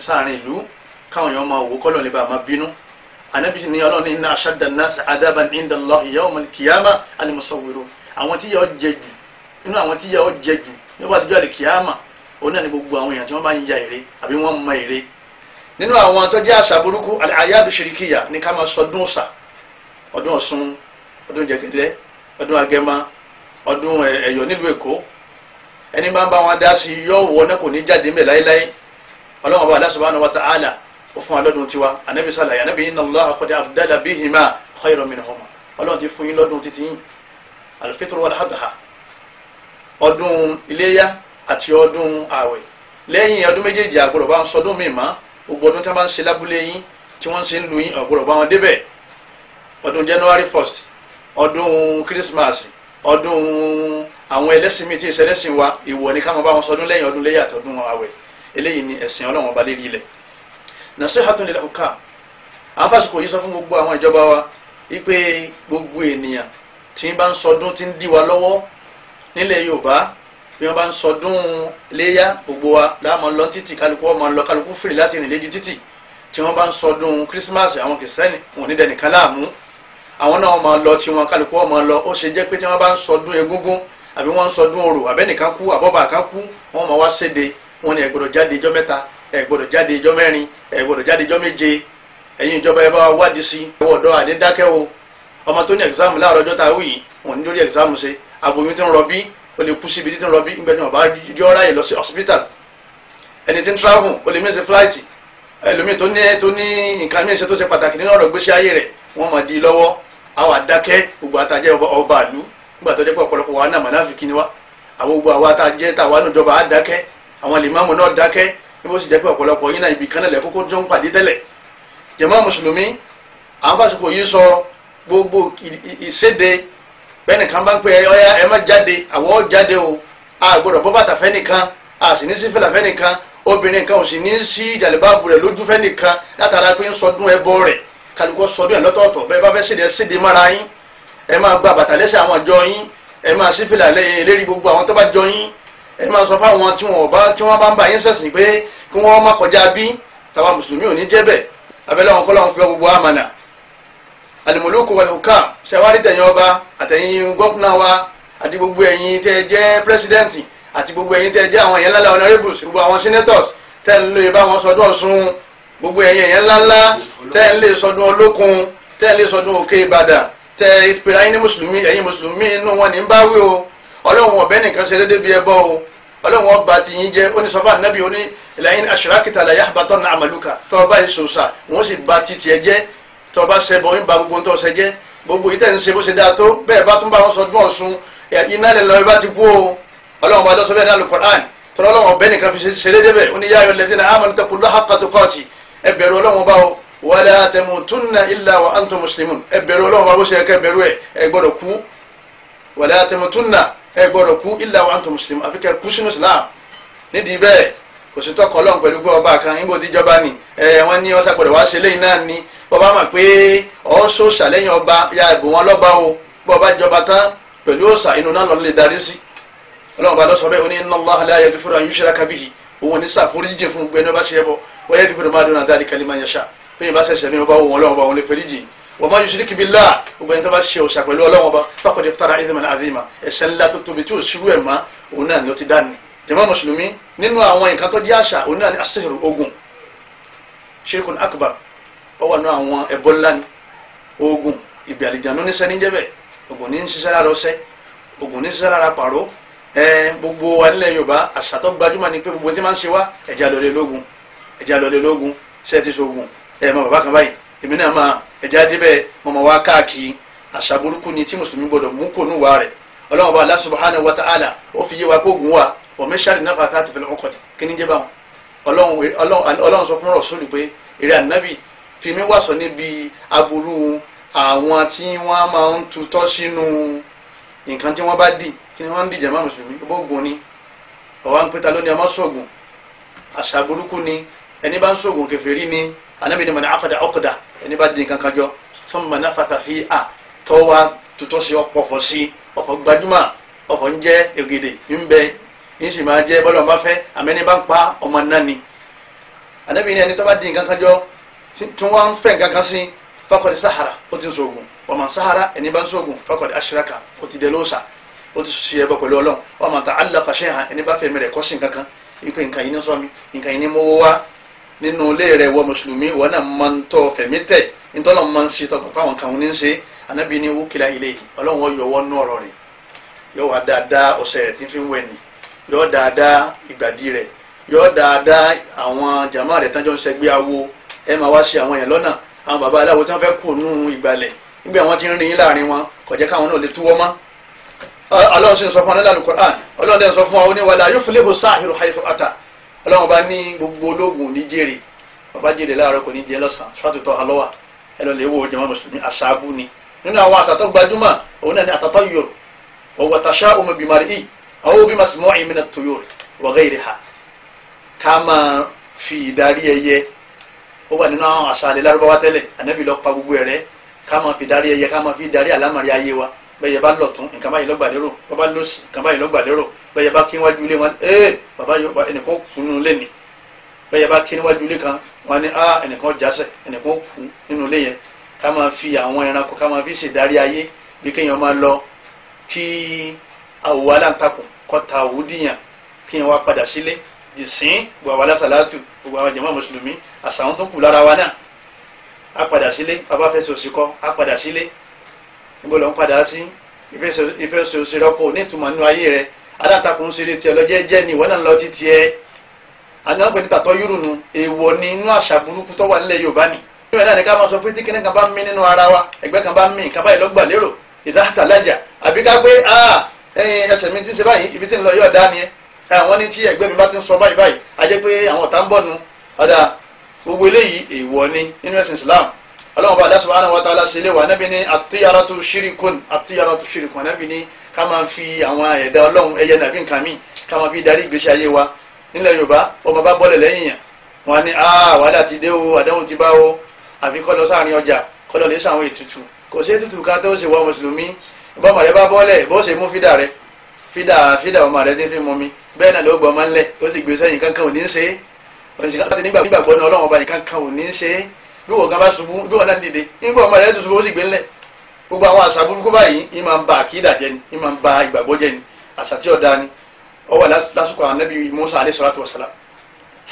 sáàrin ìlú káwọn èèyàn máa wò kọ́lọ̀ lè bá bínú ànábì ni ọlọ́run ní inna ashadda an-nas adaban inda Allahi yawm al-qiyamah àwọn tí yẹ ọ jẹ jù inú àwọn tí yẹ ọ jẹ jù nígbà tó jọ àlè kíámà òun náà ni gbogbo àwọn èèyàn tí wọ́n bá ń ya èrè àbí wọ́n mọ èrè nínú àwọn tó jẹ́ àṣà burúkú àyàdù ṣìríkìyà ní ká máa sọdún ọ̀sà ọdún ọ̀ṣun ọdún jẹgẹdẹ ọdún agẹmọ ọdún ẹ̀yọ̀ nílùú èkó ẹni bá ń bá wọn dá sí yọ wọ náà kò ní jáde mẹ́ láéláé ọlọ́wọ́n bá Allah subhanahu wa ta'ala ó fún wa tiwa ànábì sàlàyé ànábì inna Allah qad abdala bihima khayran minhuma ọlọ́run ti fún yín lọ́dún títí yín alifitr wal adha ọdún iléyà àti ọdún ààwẹ̀ lẹ́yìn ọdún méjèèjì àgbọ̀dọ̀ bá ń sọdún míì má gbogbo ọdún tí wọ́n bá ń ṣe lábúlé yín tí wọ́n ń ṣe ń lu yín ọ̀gbọ̀dọ̀ bá wọn débẹ̀ ọdún january first ọdún christmas ọdún àwọn ẹlẹ́sìn míì tí ìṣẹ̀lẹ́sìn wa ìwọ̀ ni káwọn bá wọn sọdún lẹ́yìn ọdún iléyà àtọdún ààwẹ̀ eléyìí ni ẹ̀sìn ọlọ́run ọba lérí ilẹ̀ nasihatun lil hukam àwọn fásitì kò yí sọ fún gbogbo àwọn ìjọba wa wípé gbogbo ènìyàn tí wọ́n bá ń sọdún tí ń dí wa lọ́wọ́ nílẹ̀ Yorùbá bí wọ́n bá ń sọdún léyà gbogbo wa láàmú lọ títì kálukú ọmọ lọ kálukú fìrì láti rìn léjì títì tí wọ́n bá ń sọdún Christmas àwọn kìsẹ́nì wọn ò ní dẹnìkan láàmú àwọn náà máa lọ tí wọn kálukú ọmọ lọ ó ṣe jẹ́ pé tí wọ́n bá ń sọdún egúngún àbí wọ́n ń sọdún orò àbẹ́nìkan kú àbọ́bà kan kú wọ́n máa wá séde wọn ni ẹ jáde ijọ́ mẹ́ta ẹ jáde ijọ́ mẹ́rin ẹ jáde ijọ́ méje ẹ̀yin ìjọba ẹ bá wádìí sí ọwọ́ ọ̀dọ́ àdédákẹ́ ọmọ tó ní ẹ̀gzámù láàárọ̀ ọjọ́ tá a wù yìí wọn ní lórí ẹ̀gzámù ṣe aboyún tí ń rọbí o lè kú síbi tí ń rọbí nígbà tí wọn bá yọ ráyè lọ sí hospital ẹni tí ń travel o lè mí ṣe flight ẹlòmíì tó ní tó ní nǹkan mí ṣe tó ṣe pàtàkì nínú ọ̀rọ̀ gbèsè ayé rẹ̀ wọ́n máa di lọ́wọ́ àwọn àdákẹ́ gbogbo àtàjẹ́ ọba àlú nígbà tó jẹ́ pé ọ̀pọ̀lọpọ̀ wa náà mọ̀náfíkì ni wa àwọn gbogbo àwa àtàjẹ́ tàwa nù jọba àdákẹ́ àwọn lèmọ́ọ̀mù náà dákẹ́ níbo sì jẹ́ pé ọ̀pọ̀lọpọ̀ yín náà ibì kan náà lẹ́kọ́kọ́ tó ń pàdé tẹ́lẹ̀ jàmá mùsùlùmí àwọn fásitì yìí sọ gbogbo ìséde bẹ́nìkan bá ń pè ẹ ọ̀yá ẹ má jáde àwọn jáde o a gbọ́dọ̀ bọ́ bàtà fẹ́nìkan a sì ní sí fìlà fẹ́nìkan obìnrin kan ò sì ní sí ìjàlèbáàbù rẹ̀ lójú fẹ́nìkan látara pé ń sọdún ẹbọ rẹ̀ kálukú sọdún ẹ̀ lọ́tọ̀ọ̀tọ̀ bẹ́ẹ̀ bá fẹ́ séde séde mára yín ẹ máa gba bàtà lẹ́sẹ̀ àwọn àjọ yín ẹ máa sí fìlà lérí gbogbo àwọn tó bá alimuluku walhukam ṣẹwárí tẹ̀yìn ọba àtẹ̀yìn gọ́fúnà wa àti gbogbo ẹ̀yin tẹ́ jẹ́ pírẹsidẹ́ǹtì àti gbogbo ẹ̀yin tẹ́ jẹ́ àwọn ẹ̀yẹ ńláńlá honourables gbogbo àwọn senators tẹ́ ń lè bá wọn sọdún ọ̀ṣun gbogbo ẹ̀yin ẹ̀yẹ ńláńlá tẹ́ ń lè sọdún olókun tẹ́ ń lè sọdún òkè ìbàdàn tẹ́ ìpèrè ayé ní mùsùlùmí ẹ̀yin mùsùlùmí inú wọn ní ń bá wí o ọlọ́run ọ̀bẹ nìkan ṣe déédéé bí ẹbọ o ọlọ́run ọba ti yín jẹ́ oníṣọ́fà nábì oní ìlànà aṣọ́rákìtà làyà àbátọ́ nà àmàlùkà tọ́ ọba ìṣòṣà wọ́n sì ba ti tiẹ̀ jẹ́ tó bá ṣẹbọ ń ba gbogbo tó ṣe jẹ́ gbogbo yìí tẹ̀ ń ṣe bó ṣe dáa tó bẹ́ẹ̀ bá tún bá wọn sọdún ọ̀sun iná lè lọ ibà ti kú o ọlọ́run bá dọ́sọ bẹ́ẹ̀ ní alukur'an tọ́lá ọlọ́run ọbẹ̀ nìkan fi ṣe déédéé bẹ́ẹ̀ oníyá ayọ̀ lẹ́dí náà amọ̀ nítorí kúlọ́ hakatu kọ́ọ̀tì ẹ bẹ̀rù ọlọ́run bá o wàlẹ́ àtẹ̀mùtúnà ilà wà ántò mùsùlùmù ẹ bẹ̀rù ọlọ́run bá bó ṣe kẹ́ bẹ̀rù ẹ ẹ gbọ́dọ̀ kú wàlẹ́ àtẹ̀mùtúnà ẹ gbọ́dọ̀ kú ilà wà ántò mùsùlùmù àfi kú sínú islam nídìí bẹ́ẹ̀ kò sí pẹ̀lú gbọ́ ọba kan níbo tíjọba ni ẹ wọ́n ní wọ́n sàgbọ̀dọ̀ wá ṣe lẹ́yìn náà ni bọ́ba mọ̀ pé ọ̀ṣọ́ ṣàlẹ́yìn ọba ya ẹ̀bùn wọn lọ́ba o bọ́ba jọba tán pẹ̀lú òòṣà inú náà lọ́ọ́ lè darí sí ọlọ́run bá lọ́sọ̀ bẹ́ẹ̀ ó ní inna Allaha la yaghfiru an yushraka bihi òun ní sàforíjì fún gbẹ́ni ọba ṣe ẹbọ wa yaghfiru ma duna dhalika liman yasha bẹ́ẹ̀ bá ṣẹ̀ṣẹ̀ mi ọba òun ọlọ́run ọba òun lè fẹ́ríjì wa ma yushrik billah gbogbo ẹni tó bá ṣe òòṣà pẹ̀lú ọlọ́run ọba faqad iftara ithman òun náà ni ó ti dá ni jàmá mùsùlùmí nínú àwọn nǹkan tó jẹ́ àṣà òun náà ni asẹ́hìrì ogun shirkun akbar ó wà nù àwọn ẹbọ ńlá ni oògùn ìbí àlìjánu ní sẹ́ni jẹ́bẹ̀ oògùn ní ṣiṣẹ́ lára ọṣẹ oògùn ní ṣiṣẹ́ lára pàrọ̀ ẹ gbogbo wa nílẹ̀ yorùbá àṣà tó gbajúmọ̀ ni pé gbogbo tí máa ń ṣe wá ẹ̀já lọ́lẹ̀ lógun ẹ̀já lọ́lẹ̀ lógun ṣe ti ṣoògùn ẹ̀ mọ bàbá kan báyìí èmi náà máa ẹ̀já débẹ̀ mọ̀mọ́ wa káàkiri àṣà burúkú ni tí mùsùlùmí gbọdọ̀ mú kò nù wá rẹ̀ ọlọ́run bá wa ta'ala ó fi yé wa kógun wa ọ̀mẹ́ sáré náà fàtà àti fẹ̀lẹ́ ọkọ̀ kí ni jẹ́ báwọn ọlọ́run sọ fún rọ̀ sólù pé èrè ànábì fi mí wàsọ níbi aburú àwọn tí wọ́n máa ń tutọ́ sínú nǹkan tí wọ́n bá dì kí ni wọ́n ń dìjà máa mùsùlùmí ó bó gun ni ọ̀wá ń pété lónìí ọmọ sọ̀gùn àṣà burúkú ni ẹni bá ń sọ̀gùn kèfèrí ni anábì ni mọ̀ ní akọ̀dà ọ̀kọ̀dà ẹni bá di nǹkan kan jọ fún mọ̀ náà fàtàfí à tọ́wá tutọ́ sí ọ̀pọ̀fọ̀ sí ọ̀pọ̀ gbajúmọ̀ ọ̀pọ̀ ń jẹ́ ègèdè ń bẹ ń sì máa jẹ́ bọ́lọ̀ bá fẹ́ àmẹ́ni bá ń pa ọmọ náà ni anábì ni ẹni tó bá di nǹkan kan jọ tí wọ́n ń fẹ́ nǹkan sí fakọ̀dé sahara ó ti ń sọ̀gùn ọmọ sahara ẹni bá ń sọ̀gùn fakọ̀dé asiraka ó ti dẹ́lọ́sà ó ti ṣe ẹbọ pẹ̀lú ọlọ́run ọmọ ta Allah ṣe hàn ẹni bá fẹ́ mi rẹ̀ kọ́sìn kankan ipe nǹkan yìí ní sọmi nǹkan yìí ní mowó wá nínú ilé rẹ̀ wọ mùsùlùmí wọn náà máa ń tọ́ fẹ̀mí tẹ̀ ntọ́nà máa ń ṣe tọ́ pàpà àwọn kan ní ń ṣe anábì ní wúkìlá ilé yìí ọlọ́run ọyọ wọ́n nú ọ̀rọ̀ rẹ̀ yọ wá dáadáa ọ̀sẹ̀ rẹ̀ tí fi ń wẹ̀ yọ dáadáa ìgbàdí rẹ̀ yọ dáadáa àwọn jàmáà rẹ̀ tán jọ ń ṣẹgbẹ́ awo ẹ máa wá ṣe àwọn èèyàn lọ́nà àwọn bàbá aláwo tí wọ́n fẹ́ kù nù ìgbàlẹ̀ nígbà wọn ti ń rin yín láàrin wọn kò jẹ́ káwọn náà lè túwọ́ mọ́ ọlọ́run sì ń sọ fún ọlọ́run alukur'an ọlọ́run dẹ́n sọ fún wa ó ní wàlá yuflihu sáàhìrù haythu ata ọlọ́run bá ní gbogbo ológun ní jèrè bàbá jèrè láàárọ̀ kò ní jẹ lọ́sàn-án alọ́wà ẹ fi ìdarí ẹyẹ ó wà nínú àwọn àṣà àlè lárúbáwá tẹ́lẹ̀ ànábì lọ pa gbogbo ẹ̀rẹ́ ká máa fi darí ẹyẹ ká máa fi darí àlámàrí ayé wa bẹ́ẹ̀ yẹ bá lọ̀tún nǹkan báyìí lọ́gbàlérò bá bá lọ́sì nǹkan báyìí lọ́gbàlérò bẹ́ẹ̀ yẹ bá kí wájú ilé wọn ẹ́ bàbá yorùbá ẹnìkan kú nínú ilé ni bẹ́ẹ̀ yẹ bá kí níwájú ilé kan wọn ni á ẹnìkan jásẹ̀ ẹnìkan kú nínú ilé yẹn ká máa fi àwọn ẹranko ká máa fi ṣèdarí ayé bí ìsìn gbogbo àwọn alásàlátù gbogbo àwọn jàmá mùsùlùmí àsàwọn tó kù a wa náà á padà sílé bàbá fẹ́ sọ síkọ́ á padà sílé níbo ló ń padà sí ìfẹ́ sọ sí rọ́pò nítumọ̀ nínú ayé rẹ alátakùn sílé tiẹ̀ lọ́jẹ́ jẹ́ ni ìwọ náà lọ́ọ́ ti tiẹ̀ àná pẹ̀lú tàtọ́ yúrùnù èèwọ̀ ni inú àṣà burúkú tó wà nílẹ̀ Yorùbá ni ìwé náà ni ká máa sọ pé tí kíní kan bá mí nínú ara wa ẹgbẹ́ kan bá mí kan báyìí lérò ìdáhàtà lájà àbí ká pé ẹsẹ̀ mi ti ṣe báyìí ibi tí ń lọ yóò dá ni ẹ́ wọ́n ní tí ẹgbẹ́ mi bá ti ń sọ báyìí báyìí a jẹ́ pé àwọn ọ̀tá ń bọ̀ nu ọ̀dà gbogbo eléyìí èèwọ̀ ni nínú ẹ̀sìn Islam ọlọ́run bá Allah subhanahu wa ta'ala ṣe léwà anábì ní àtúyàrátú ṣírìkún àtúyàrátú ṣírìkún anábì ní ká máa fi àwọn ẹ̀dá ọlọ́run ẹyẹ nàbí nǹkan míì ká máa fi darí ìgbésí ayé wa nílẹ̀ Yorùbá ọmọ bá bọ́lẹ̀ lẹ́yìn yàn wọn ní a wàhálà ti dé o àdéhùn ti bá o àfi kọ́ lọ sáàrin ọjà kọ́ lọ lè sàwọn ètùtù kò sí ètùtù ká tó ṣe wọ mùsùlùmí bọ́mọ̀ rẹ bá bọ́lẹ̀ bó ṣe mú fídà fídà ọmọ rẹ ti fi mú mi bẹ́ẹ̀ náà ló gbọ́ ọmọ ńlẹ̀ ó sì gbé sẹ́yìn kankan ò ní ṣe é òṣìṣẹ́ láti nígbà gbàgbọ́ ní ọlọ́run ọba nìkan kan ò ní ṣe é bí wọ́n gan bá ṣubú bí wọ́n náà dìde nígbà ọmọ rẹ ti ṣubú ó sì gbé ńlẹ̀ gbogbo àwọn àṣà burúkú báyìí ì máa ń ba àkídà jẹ ni ì máa ń ba ìgbàgbọ́ jẹ ni àṣà tí ọ̀dà ni ó wà lásìkò ànábì Musa alayhi salatu wa salam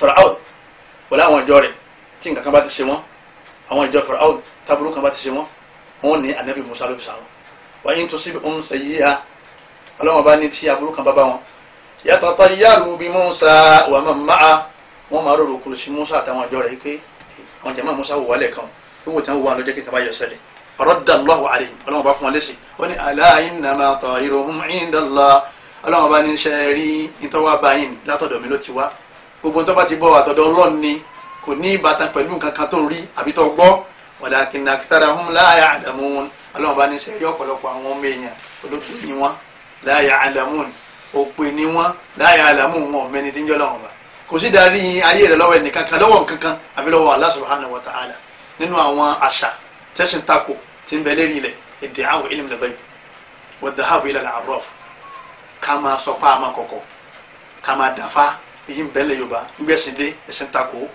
Fáráò pẹ̀lú àwọn ìjọ rẹ̀ tí nǹkan kan bá ti ṣe wọ́n àwọn ìjọ Fáráò táburú kan bá ti ṣe wọ́n wọ́n ní ànábì Musa ló fi sàwọn wáyé ń tó síbi ń ṣe yíya ọlọ́wọ́n bá ní tí aburú kan bá bá wọn. yàtọ̀tọ̀ yàrá bí musa wà má máa wọn máa rọrò kùrù sí musa àtàwọn àjọ rẹ̀ pé àwọn jàmá musa wò wálẹ̀ kan wíwò tí wọn wò wọn lọ́jọ́ kẹta bá yọ sẹ́lẹ̀ radallahu alayhim ọlọ́wọ́n bá fún wọn lẹ́sìn ó ní ala innama ta'iruhum indallah ọlọ́wọ́n bá ní sẹ́ rí ìtọ́wá báyìí látọ̀dọ̀ mi ló ti wá gbogbo tó bá ti la ya'lamun òpè ni wọ́n la ya'lamun wọn mẹ́ni tí ń jẹ́ lọ́wọ́ bá kò sí darí ayé rẹ̀ lọ́wọ́ ẹnìkan kan lọ́wọ́ nkankan àbí lọ́wọ́ Allah subhanahu wa ta'ala nínú àwọn àṣà tẹ̀sìn tako tí ń bẹ lérí ilẹ̀ èdè àwọn ilm al-ghaib wa dhahabu ila al-arraf ká máa sọ pa àmà kọ̀kọ̀ ká máa dàfa èyí ń bẹ́lẹ̀ yorùbá ń gbẹ̀sìn dé ẹ̀sìn tako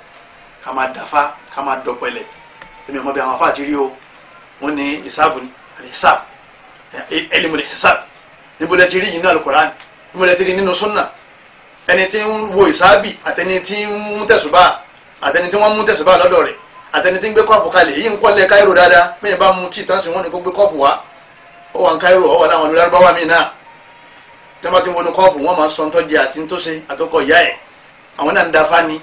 ká máa dàfa ká máa dọ̀pẹ̀lẹ̀ èmi ọmọ bí àwọn afáàtì rí o wọ́n ní ìsáàbù ní àlẹ́ ìsáàbù ẹ̀ẹ́lẹ́mọ̀lẹ́ ìsáàbù níbo lẹ ti rí yìí nínú alukoran níbo lẹ ti rí nínú sunna ẹni tí ń wo ìsáàbì àtẹni tí ń mú tẹ̀sùbà àtẹni tí wọ́n mú tẹ̀sùbà lọ́dọ̀ rẹ̀ àtẹni tí ń gbé kọ́ọ̀pù kalẹ̀ yìí ń kọ́lẹ̀ káírò dáadáa bẹ́ẹ̀ bá mu tí ìtàn sí wọn ni kó gbé kọ́ọ̀pù wá ó wà ń káírò ó wà láwọn olùdarí mi náà tí wọ́n ti wọnú kọ́ọ̀pù wọ́n máa sọ ń tọ́jú àti ń tó àtọkọ ìyá ẹ̀ àwọn náà ń da fani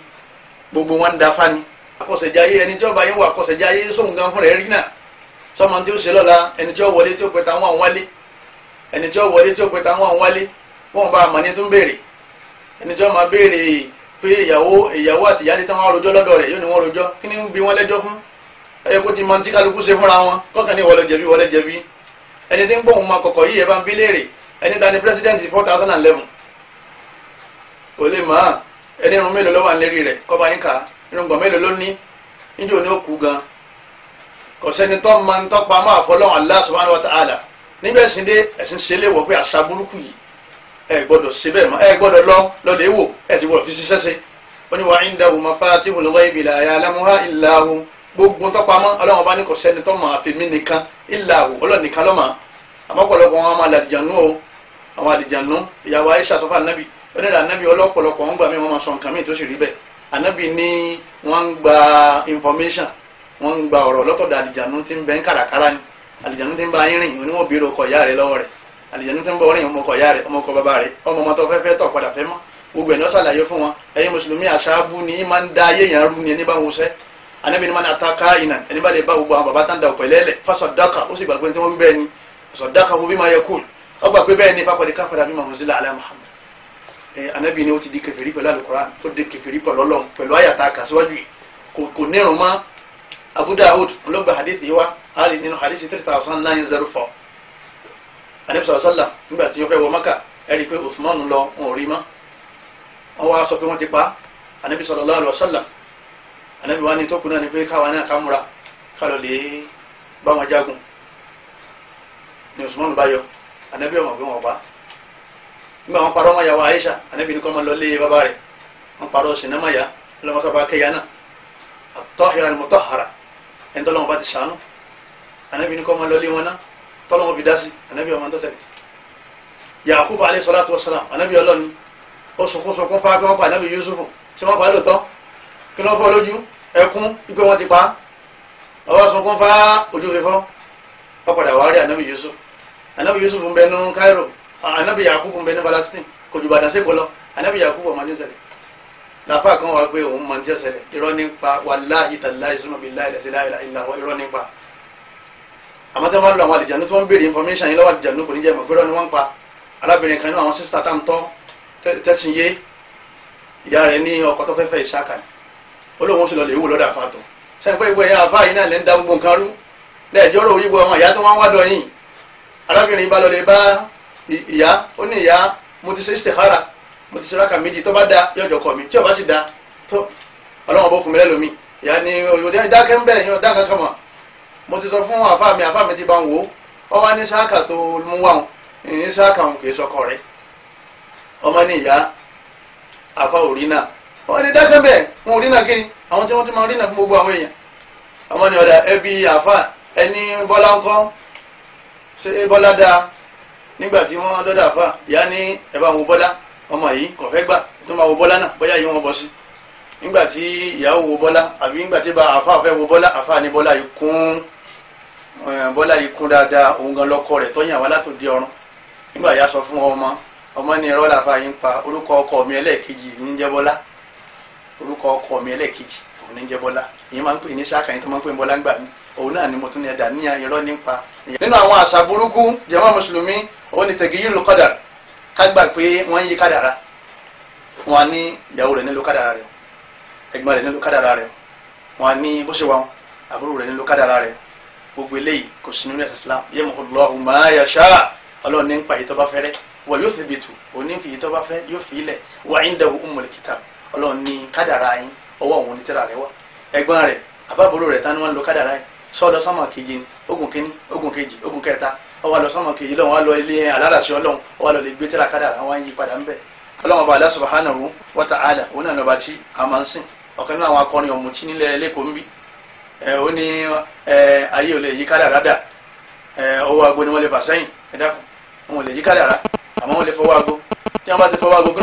gbogbo wọn ń da fani akọ̀sẹ̀jáyé ẹni tí ọba yẹn wà akọ̀sẹ̀jáyé sóhun gan fúnra ẹ̀ rí náà sọmọ tí ó ṣe lọ́la ẹni tí ó ẹni tí ó wọlé tí ó pe táwọn ń wálé wọn bá àmọ́ ní tún béèrè ẹni tí ó máa béèrè pé ìyàwó ìyàwó àti ìyáálé tí wọ́n rojọ́ lọ́dọ̀ rẹ̀ yóò ní wọ́n rojọ́ kí ni ń bi wọ́n lẹ́jọ́ fún ẹyẹ kó ti mọ tí kálukú ṣe fúnra wọn kọ́kàn ní wọlé jẹ̀bi wọlé jẹ̀bi ẹni tí ń gbóhùn máa kọ̀kọ̀ yìí ẹ ń bí léèrè ẹni ta ni president four thousand and eleven kò lè máa ẹni irun mélòó ló wà lérí rẹ̀ kọ́ba yín kà irun gbọ̀n mélòó ló ní níjó ni ó kú gan kò sẹ́ni tó máa ń tọ́pa máa fọlọ́run Allah subhanahu wa ta'ala níbẹ̀ sì dé ẹ̀sìn ṣe lé wọ̀ pé àṣà burúkú yìí ẹ gbọ́dọ̀ ṣe bẹ́ẹ̀ mọ́ ẹ gbọ́dọ̀ lọ lọ́lẹ̀ wò ẹ sì gbọ́dọ̀ fi ṣiṣẹ́ ṣe ó ní wa indahu mafatihul ghaibi la ya'lamuha illa hu gbogbo tọ́pamọ́ ọlọ́run bá ní kò sẹ́ni tó máa fi mí nìkan illa hu ọlọ́run nìkan ló mọ̀ àmọ́ pọ̀lọpọ̀ wọn máa làdìjànú o àwọn àdìjànú ìyàwó Aisha sọ fún anabi onídàá anabi ọlọ́pọ̀lọpọ̀ wọn gbà mí wọn máa sọ nǹkan míì tó sì rí bẹ́ẹ̀ anabi ní wọ́n gba information wọ́n ń gba ọ̀rọ̀ lọ́tọ̀dọ̀ àdìjànú ti ń bẹ́ ń kàràkàrà ni àlìjánu ti ń bá yín rìn òní wọn bèrè ọkọ ìyá rẹ lọ́wọ́ rẹ àlìjánu ti ń bọ rìn ọmọkọ ìyá rẹ ọmọkọ bàbá rẹ ọmọ ọmọ tó fẹ́fẹ́ tọ̀ padà fẹ́ mọ́ gbogbo ẹni ó ṣàlàyé fún wọn ẹ̀yin mùsùlùmí àṣàbù ni yín máa ń da ayé yẹn rú ni ẹni bá wọn sẹ́ anábì ni máa ń ata ká iná ẹni bá lè bá gbogbo àwọn bàbá tá ń da ọ̀pẹ̀ lẹ́lẹ̀ fásọ̀dáka ó sì gbàgbé tí wọ́n wí bẹ́ẹ̀ ni fásọ̀dáka wo bí máa yẹ kúl ó gbà pé bẹ́ẹ̀ ni pápẹ́lẹ́ káfíńdà bí mahùn sílẹ̀ alẹ́ muhammed anábì ni ó ti di kèfèrí pẹ̀lú àlùkùrá ó di kèfèrí pẹ̀lú ọlọ́run pẹ̀lú àyàtà kàṣíwájú kò nírun mọ́ abu dawud olóògbé hadith yìí wá ali nínú hadith three thousand nine zero four anabi sọ̀rọ̀ sọ́là nígbà tí wọ́n fẹ́ wọ maka ẹ̀rí pé usman lọ wọn ò rí mọ́ wọ́n wá sọ pé wọ́n ti pa anabi sallallahu alaihi wasallam anabi wa ni tó kù náà ni pé káwa náà ká múra ká lọ lè bá wọn jagun ni usman bá yọ anabi ọmọ pé wọn pa nígbà wọn parọ́ ọmọ yàwó aisha anabi ní kọ́ máa lọ lé bàbá rẹ̀ wọn parọ́ sinimá yá ọlọ́mọ kẹ́yà náà at-tahira al-mutahhara ẹni tọ́lọ́wọ́n bá ti sànú anabi ní kọ́ máa lọlé wọn ná tọ́lọ́wọ́n fi dá sí anabi ọmọ tó tẹ̀lé yakubu alayhi salatu wa salam anabi ọlọ́ni ó sunkún sunkún fún akẹ́wọ́n pa anabi yusufu tí wọ́n pa lóòótọ́ kí lọ́ọ́ bọ́ lójú ẹkún ipe wọn ti pa ọba sunkún fún ojú fífọ́ ọ̀padà wàá rí anabi yusuf anabi yusuf ń bẹ ní Cairo anabi yakubu ń bẹ ní Palestine kò jù bàdàn sí kò lọ anabi lafa kan wà pé òun máa ń jẹ́ sẹ́lẹ̀ irọ́ nípa wàláhì tàláhì súnmọ́ bíi láì lẹ́sẹ̀ láì láì láwọ́ irọ́ nípa. àmọ́ tí wọ́n bá ń lo àwọn àlìjánu tí wọ́n ń béèrè information yìí lọ́wọ́ àlìjánu kò ní jẹ́ mọ̀ pé irọ́ ni wọ́n ń pa arábìnrin kan nínú àwọn sísítà tá à ń tọ́ tẹ́sán yé ìyá rẹ̀ ní ọkọ tó fẹ́fẹ́ ìsáka ni ó lóun sì lọ lè wò lọ́dà fàtọ̀ sẹ́yìn pé ìwé àfa yìí náà lè ń da gbogbo nǹkan rú lẹ́ẹ̀jọ́ rò wíwo ọmọ ìyá tó wọ́n wá dọ̀ yìí arábìnrin bá lọ lè bá ìyá ó ní ìyá mo ti ṣe istikhara mo ti ṣeraka méjì tó bá da yóò jọ kọ mi tí o bá sì da tó ọlọ́wọ́n bó fún mi ìyá ni òyòdì dákẹ́ ń bẹ̀ yín ọ̀dá kankan mo ti sọ fún àfa mi àfa mi ti bá ń wò ó ọwọ́ ní ṣáàkà tó mú wà ń ní ṣáàkà ń kì sọkọ rẹ̀ ọmọ ní ìyá àfa ò náà wọ́n ní dákẹ́ bẹ̀ wọn ò náà àwọn tí wọ́n ti máa rí náà fún gbogbo àwọn ọmọ yìí kò fẹ́ gbà tó máa wo bọ́lá náà bóyá yìí wọ́n bọ́ sí nígbà tí ìyàwó wo bọ́lá àbí nígbà tí bá àfa fẹ́ wo bọ́lá àfa ní bọ́lá yìí kún bọ́lá yìí kún dáadáa òun gan lọ́kọ rẹ̀ tọ́yìn àwa latọ di ọrùn nígbà yà sọ fún ọmọ ọmọ ní ẹ̀rọ làfa yìí ń pa orúkọ ọkọ mi ẹlẹ́ẹ̀kejì ní jẹ́ bọ́lá orúkọ ọkọ mi ẹlẹ́ẹ̀kejì òun ní jẹ́ bọ́lá ìyẹn máa ń pè ní tó máa ń pè ní bọ́lá ká gbà pé wọ́n ń yí kádàrá wọ́n á ní ìyàwó rẹ̀ nílò kádàrá rẹ̀ ẹ̀gbọ́n rẹ̀ nílò kádàrá rẹ̀ wọ́n á ní bó ṣe wà wọn àbúrò rẹ̀ nílò kádàrá rẹ̀ gbogbo eléyìí kò sí nínú ẹ̀sìn Islam yamhullahu ma yasha ọlọ́run ní ń pa èyí tó bá fẹ́ rẹ́ wa òní fi èyí tó bá fẹ́ yóò fi ilẹ̀ wa indahu ummul kitab ọlọ́run ní kádàrá yín ọwọ́ òun ní tẹ́ra rẹ̀ wá ẹ̀gbọ́n rẹ̀ àbábòrò rẹ̀ tán ni wọ́n ń lo kádàrá yín sọ́ọ́dọ̀ sánmà kejì ni ogun kejì ogun kẹta ọwọ́ àlọ́ sọ́mọ kejì lọ́wọ́ àlọ́ ilé alárasí ọlọ́run ọwọ́ àlọ́ lè gbé tẹ́lá kádàrá àwọn yìí padà ń bẹ̀ ọlọ́run ọba Allah subhanahu wa ta'ala òun náà lọ́ba tí a máa ń sìn ọ̀kan nínú àwọn akọrin ọ̀mùtí nílẹ̀ lẹ́kọ̀ọ́ ń bí ó ní ayé ò lè yí kádàrá dà ọwọ́ agbo ni wọ́n lè fà sẹ́yìn ẹ dákun wọn lè yí kádàrá àmọ́ wọ́n lè fọwọ́ agbo tí wọ́n bá ti fọwọ́ agbo kí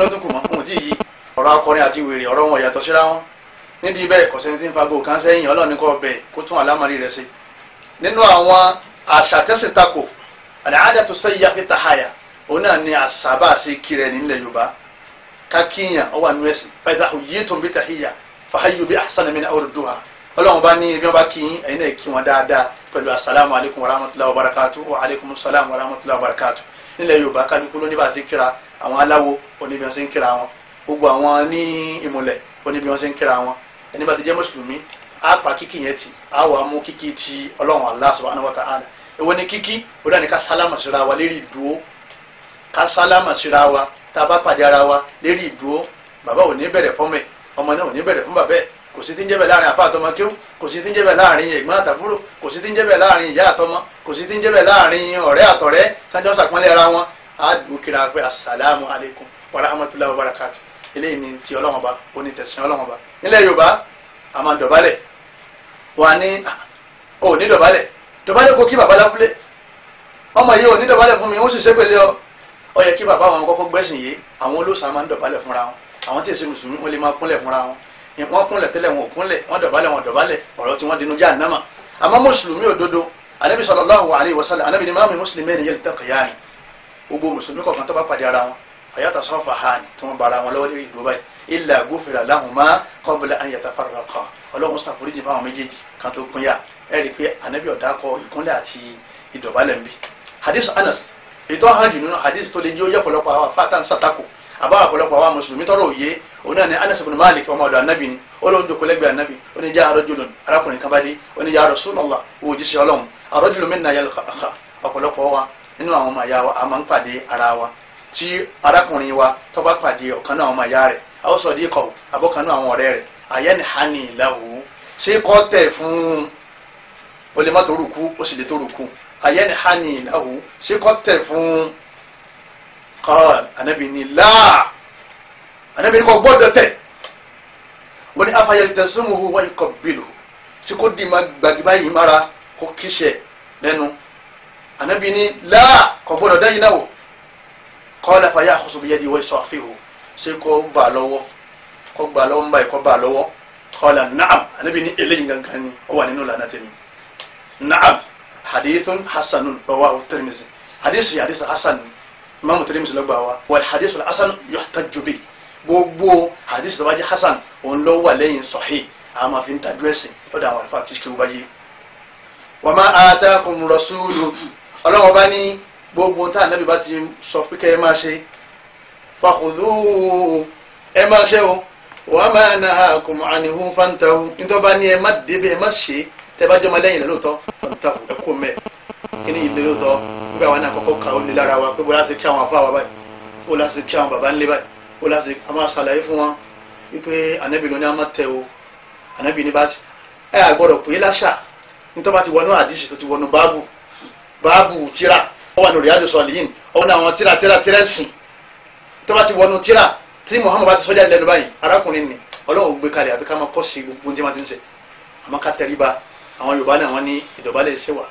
lọ́dún nínú àwọn àṣà tẹ́sìtakò àdáhàdà tó sẹ́yìn yàgbé tàháyà òun náà ni àṣà bá a ṣe kiri ẹni nílẹ̀ yorùbá kákíyàn ọwà nù ẹ̀sìn fàyíṣà òye tó ń bí tàhíyà fàáyù bí àṣàna mi ní àwọn òdòdó wa ọlọ́run bá ní ibi wọn bá kí yín ẹ̀yin náà kí wọn dáadáa pẹ̀lú asalaamu alaykum wa rahmatulahi wa barakatu wa alaykum salaam wa rahmatulahi wa barakatu nílẹ̀ yorùbá kálukú ló ní bá a ṣe kíra àwọn aláwo oníbi wọn ṣe ń kíra wọn gbogbo àwọn ní ìmùlẹ̀ oníbi wọn ṣe ń kíra wọn ẹni bá ti jẹ́ mùsùlùmí á pa kíkì yẹn tì á wà mú kíkì ti ọlọ́run Allah subhanahu wa ta'ala èwo ni kíkí ó dání ká sálámà síra wa lérí ìdúró ká sálámà síra wa tá a bá pàdé ara wa lérí ìdúró bàbá ò ní bẹ̀rẹ̀ fún mi ọmọ náà ò ní bẹ̀rẹ̀ fún bàbá ẹ̀ kò sí ti ń jẹ́ bẹ̀ láàrin àpá àtọmọ kéwù kò sí ti ń jẹ́ bẹ̀ láàrin ẹ̀gbọ́n àtàbúrò kò sí ti ń jẹ́ bẹ̀ láàrin ìyá àtọmọ kò sí ti ń jẹ́ bẹ̀ láàrin ọ̀rẹ́ àtọ̀rẹ́ sanjọ́ sàpọ́nlé ara wọn á dùkìrà pé asalaamu alaykum wa wa barakatu eléyìí ni ti ọlọ́wọ́n ba ó ní tẹ̀sán ọlọ́wọ́n ba nílẹ̀ yorùbá a máa dọ̀bálẹ̀ wà ní ah, ò ní dọ̀bálẹ̀ dọ̀bálẹ̀ kò kí bàbá lábúlé ọmọ yìí ò ní dọ̀bálẹ̀ fún mi ó sì ṣépèlé ọ ó yẹ kí bàbá àwọn kọ́kọ́ gbẹ́sìn yìí àwọn olóòsàn máa ń dọ̀bálẹ̀ fúnra wọn àwọn tí èsì mùsùlùmí wọn lè máa kúnlẹ̀ fúnra wọn wọn kúnlẹ̀ tẹ́lẹ̀ wọn ò kúnlẹ̀ wọn dọ̀bálẹ̀ wọn dọ̀bálẹ̀ ọ̀rọ̀ tí wọ́n dinú já ànámà àmọ́ mùsùlùmí òdodo anabi sallallahu alayhi wa sallam anabi ni maami mùsùlùmí ni yẹlẹ tẹkọ yaani gbogbo ọlọ́run ṣàforíjì fáwọn méjèèjì kan tó pínyà ẹ rí i pé anabi ọ̀dà kọ ìkúnlẹ̀ àti ìdọ̀bálẹ̀ ń bí hadith anas ètò ahàn jù nínú hadith tó lè jẹ́ oyè ọ̀pọ̀lọpọ̀ àwọn fatan satako àbáwọn ọ̀pọ̀lọpọ̀ àwọn mùsùlùmí tọrọ òye òun náà ni anas ibn malik ọmọ ọ̀dọ̀ anabi ni olóhùn jòkó lẹ́gbẹ̀ẹ́ anabi ó ní jẹ́ arọ́jùlùm arákùnrin kan bá dé ó ní jẹ́ rasulullah owó ọlọ́run arọ́jùlùm wa nínú àwọn ọmọ ìyá wa a máa ń pàdé àyẹ́nì hání ìlàwó ṣé kọ́ tẹ̀ fún o lè má tó rúkú o sì lè tó rúkú àyẹ́nì hání ìlàwó ṣé kọ́ tẹ̀ fún kọ́ọ̀l ànábì ní láà ànábì ní kò gbọ́dọ̀ tẹ̀ wọ́n ní afayẹlẹ tẹ̀sùmù hu wọ́n ikọ̀ bìlù tí kò di gbàgbà yìí mara kò kíṣẹ̀ lẹ́nu ànábì ní láà kò gbọ́dọ̀ dẹ́yìn náà wò afayẹ àkóso bìyẹ́ di wọ́n sọ àfihàn ṣé kò bà lọ́wọ́ kọ́ gbà lọ́wọ́ ń báyìí kọ́ bá lọ́wọ́ kọ́lá naam anabi ní eléyìí gangan ni ó wà nínú lànà tèmi naam hadithun hasanun rawahu tirmidhi hadisi hadisi hasan imaamu tirmidhi ló gbà wá hadithu hasan yuhtajju bihi gbogbo hadisi tó bá jẹ́ hasan òun ló wà lẹ́yìn sahih àwọn máa tajú ẹ̀sìn lọ́dọ̀ àwọn àlùfáà tí kí wọ́n bá yé wa ma atakum rasulu ọlọ́wọ́ bá ní gbogbo tá ànábì bá ti sọ pé ẹ máa ṣe fakhudhu ẹ máa ṣe o wa ma nahakum anhu fantahu nítorí ni ní ẹ má débẹ̀ ẹ má ṣe tẹ́bájọ́ máa lẹ́yìn lóòótọ́ fantahu ẹ kó mẹ́ kí ni ìlú lóòótọ́ nígbà wọn náà kọ́kọ́ ka olè lára wa pé bó láti kí àwọn afá wa báyìí bó láti kí àwọn bàbá ńlẹ̀ báyìí bó láti a máa ṣàlàyé fún wọn wípé ànábì ló ní a má tẹ o ànábì ní bá ti ẹ àgbọ̀dọ̀ pé láṣà nítorí bá ti wọnú àdìsí tó ti wọnú báàbù báàbù tíra ọwọ́ tí muhammed bá ti sọ́jà lẹ́nu báyìí arákùnrin ni ọlọ́run gbé kalẹ̀ àbí ká máa kọ́ sí gbogbo tí wọ́n ti ń sẹ̀ àmọ́ ká tẹríba àwọn yorùbá náà wọ́n ní ìdọ̀bálẹ̀ ṣe wà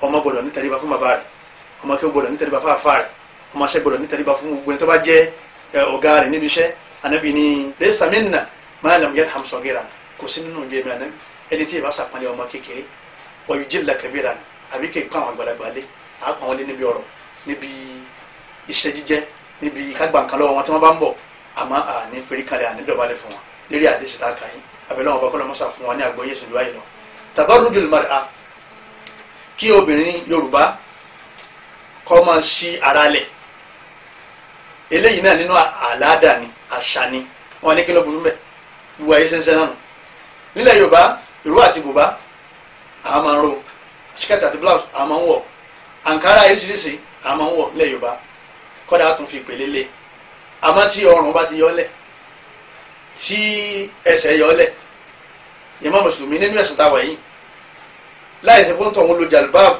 ọmọ gbọ́dọ̀ ní tẹríba fún bàbá kí ó gbọ́dọ̀ minna ma lam yarham saghira kò sí nínú ìjẹ́ mi anabi ẹni tí ìbá sàpọ́nlé ọmọ kékeré wa yujilla kabira àbí kí nǹkan àwọn àgbàlagbà lé àápọn wọn lé níbi ọ̀rọ̀ níbi iṣẹ́ jíjẹ́ níbi kágbà nǹkan lọ́wọ́ wọn tí wọ́n bá ń bọ̀ àmọ́ àní foríkalẹ̀ àní dọ̀bálẹ̀ fún wọn lérí àdéṣe tá a kà yín abẹ́lẹ́ wọn bá kọ́lọ́ mọ́sá fún wọn ní àgbọ̀yé sùn lóyè lọ. tabarrujul mar'a kí obìnrin yorùbá kọ́ máa ṣí ara lẹ̀ eléyìí náà nínú àlàáda ni àṣà ni wọn ní kí ló burú mbẹ ìwà ayé sẹ́nsẹ́ náà nù nílẹ̀ yorùbá ìró àti bùbá àwọn máa ń ro skirt àti blouse àwọn máa ń wọ̀ àǹkárá ayé àwọn máa ń wọ̀ nílẹ̀ yorùbá kọ́dà tún fi ìpele lé àmọ́ tí ọrùn bá ti yọlẹ̀ tí ẹsẹ̀ yọlẹ̀ ìmọ̀ mùsùlùmí nínú ẹ̀sìn táwa yìí láì ṣe fóńtò òun lo jàlbáàbù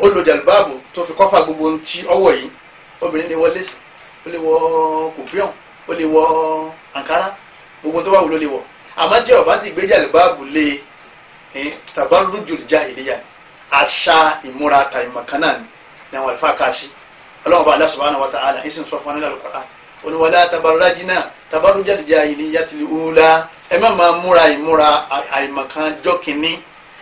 ó lo jàlbáàbù tó fi kọ́fà gbogbo ohun tí ọwọ́ yìí obìnrin lè wọ lẹ́sìn ó lè wọ kòfíọ̀n ó lè wọ àǹkárá gbogbo tó bá wù ló lè wọ àmọ́ tí ọba ti gbé jàlbáàbù lé tàbá rújù jáhìlíyà àṣà ìmúra tàìmọ̀kánná ni àwọn àlùfáà káàsì ọlọ́wọ́ bá Allah subhanahu wa ta'ala ìsìn sọ fún wa nínú Al-Qur'an oníwàlá tabarajina tabarujà jahiliyyati al-ula ẹ má máa múra ìmúra àìmọ̀kan jọ́kìnní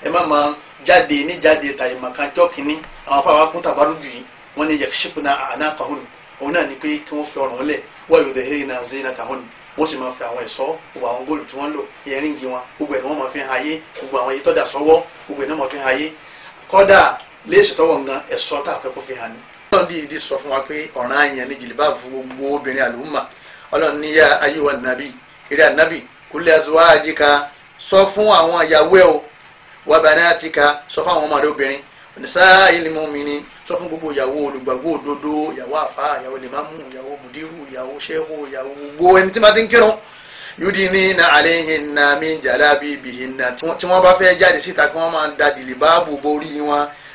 ẹ má máa jáde níjáde tàìmọ̀kan jọ́kìnní àwọn afáwà kún tabarujú yìí wọ́n ní yakshifna a'naqahun òun náà ni pé kí wọ́n fi ọrùn lẹ̀ wa yudhhirna zinatahun wọ́n sì máa fi àwọn ẹ̀ṣọ́ gbogbo àwọn góòlù tí wọ́n lò ẹ̀ríngì wọn gbogbo ẹ̀ ni wọ́n máa fi hàn ayé gbogbo àwọn èyí tọ́jà sọ́wọ́ gbogbo ẹ̀ ni wọ́n máa fi hàn ayé kọ́dà léèṣì tọ́wọ̀ ngan ẹ̀ṣọ́ tá kó fi hàn ní tọ́bi ìdí sọ fún wa pé ọ̀ràn àyàn ní jìlìbáàbù fún gbogbo obìnrin àlùmà ọlọ́run ní yá ayéwà nàbí eré ànábì kúlẹ̀ azwajika sọ fún àwọn ìyàwó ẹ̀ o wa banatika sọ fún àwọn ọmọdé obìnrin nisa ilimu mini sọ fún gbogbo ìyàwó olùgbàgbọ́ òdodo ìyàwó àfa ìyàwó limamu ìyàwó mudiru ìyàwó sehu ìyàwó gbogbo ẹni tí ma ti ń kírun yudi ni na alehin na mi jalabi bihin na tí wọ́n bá fẹ́ jáde síta kí wọ́n máa da dìlì báàbò borí wọn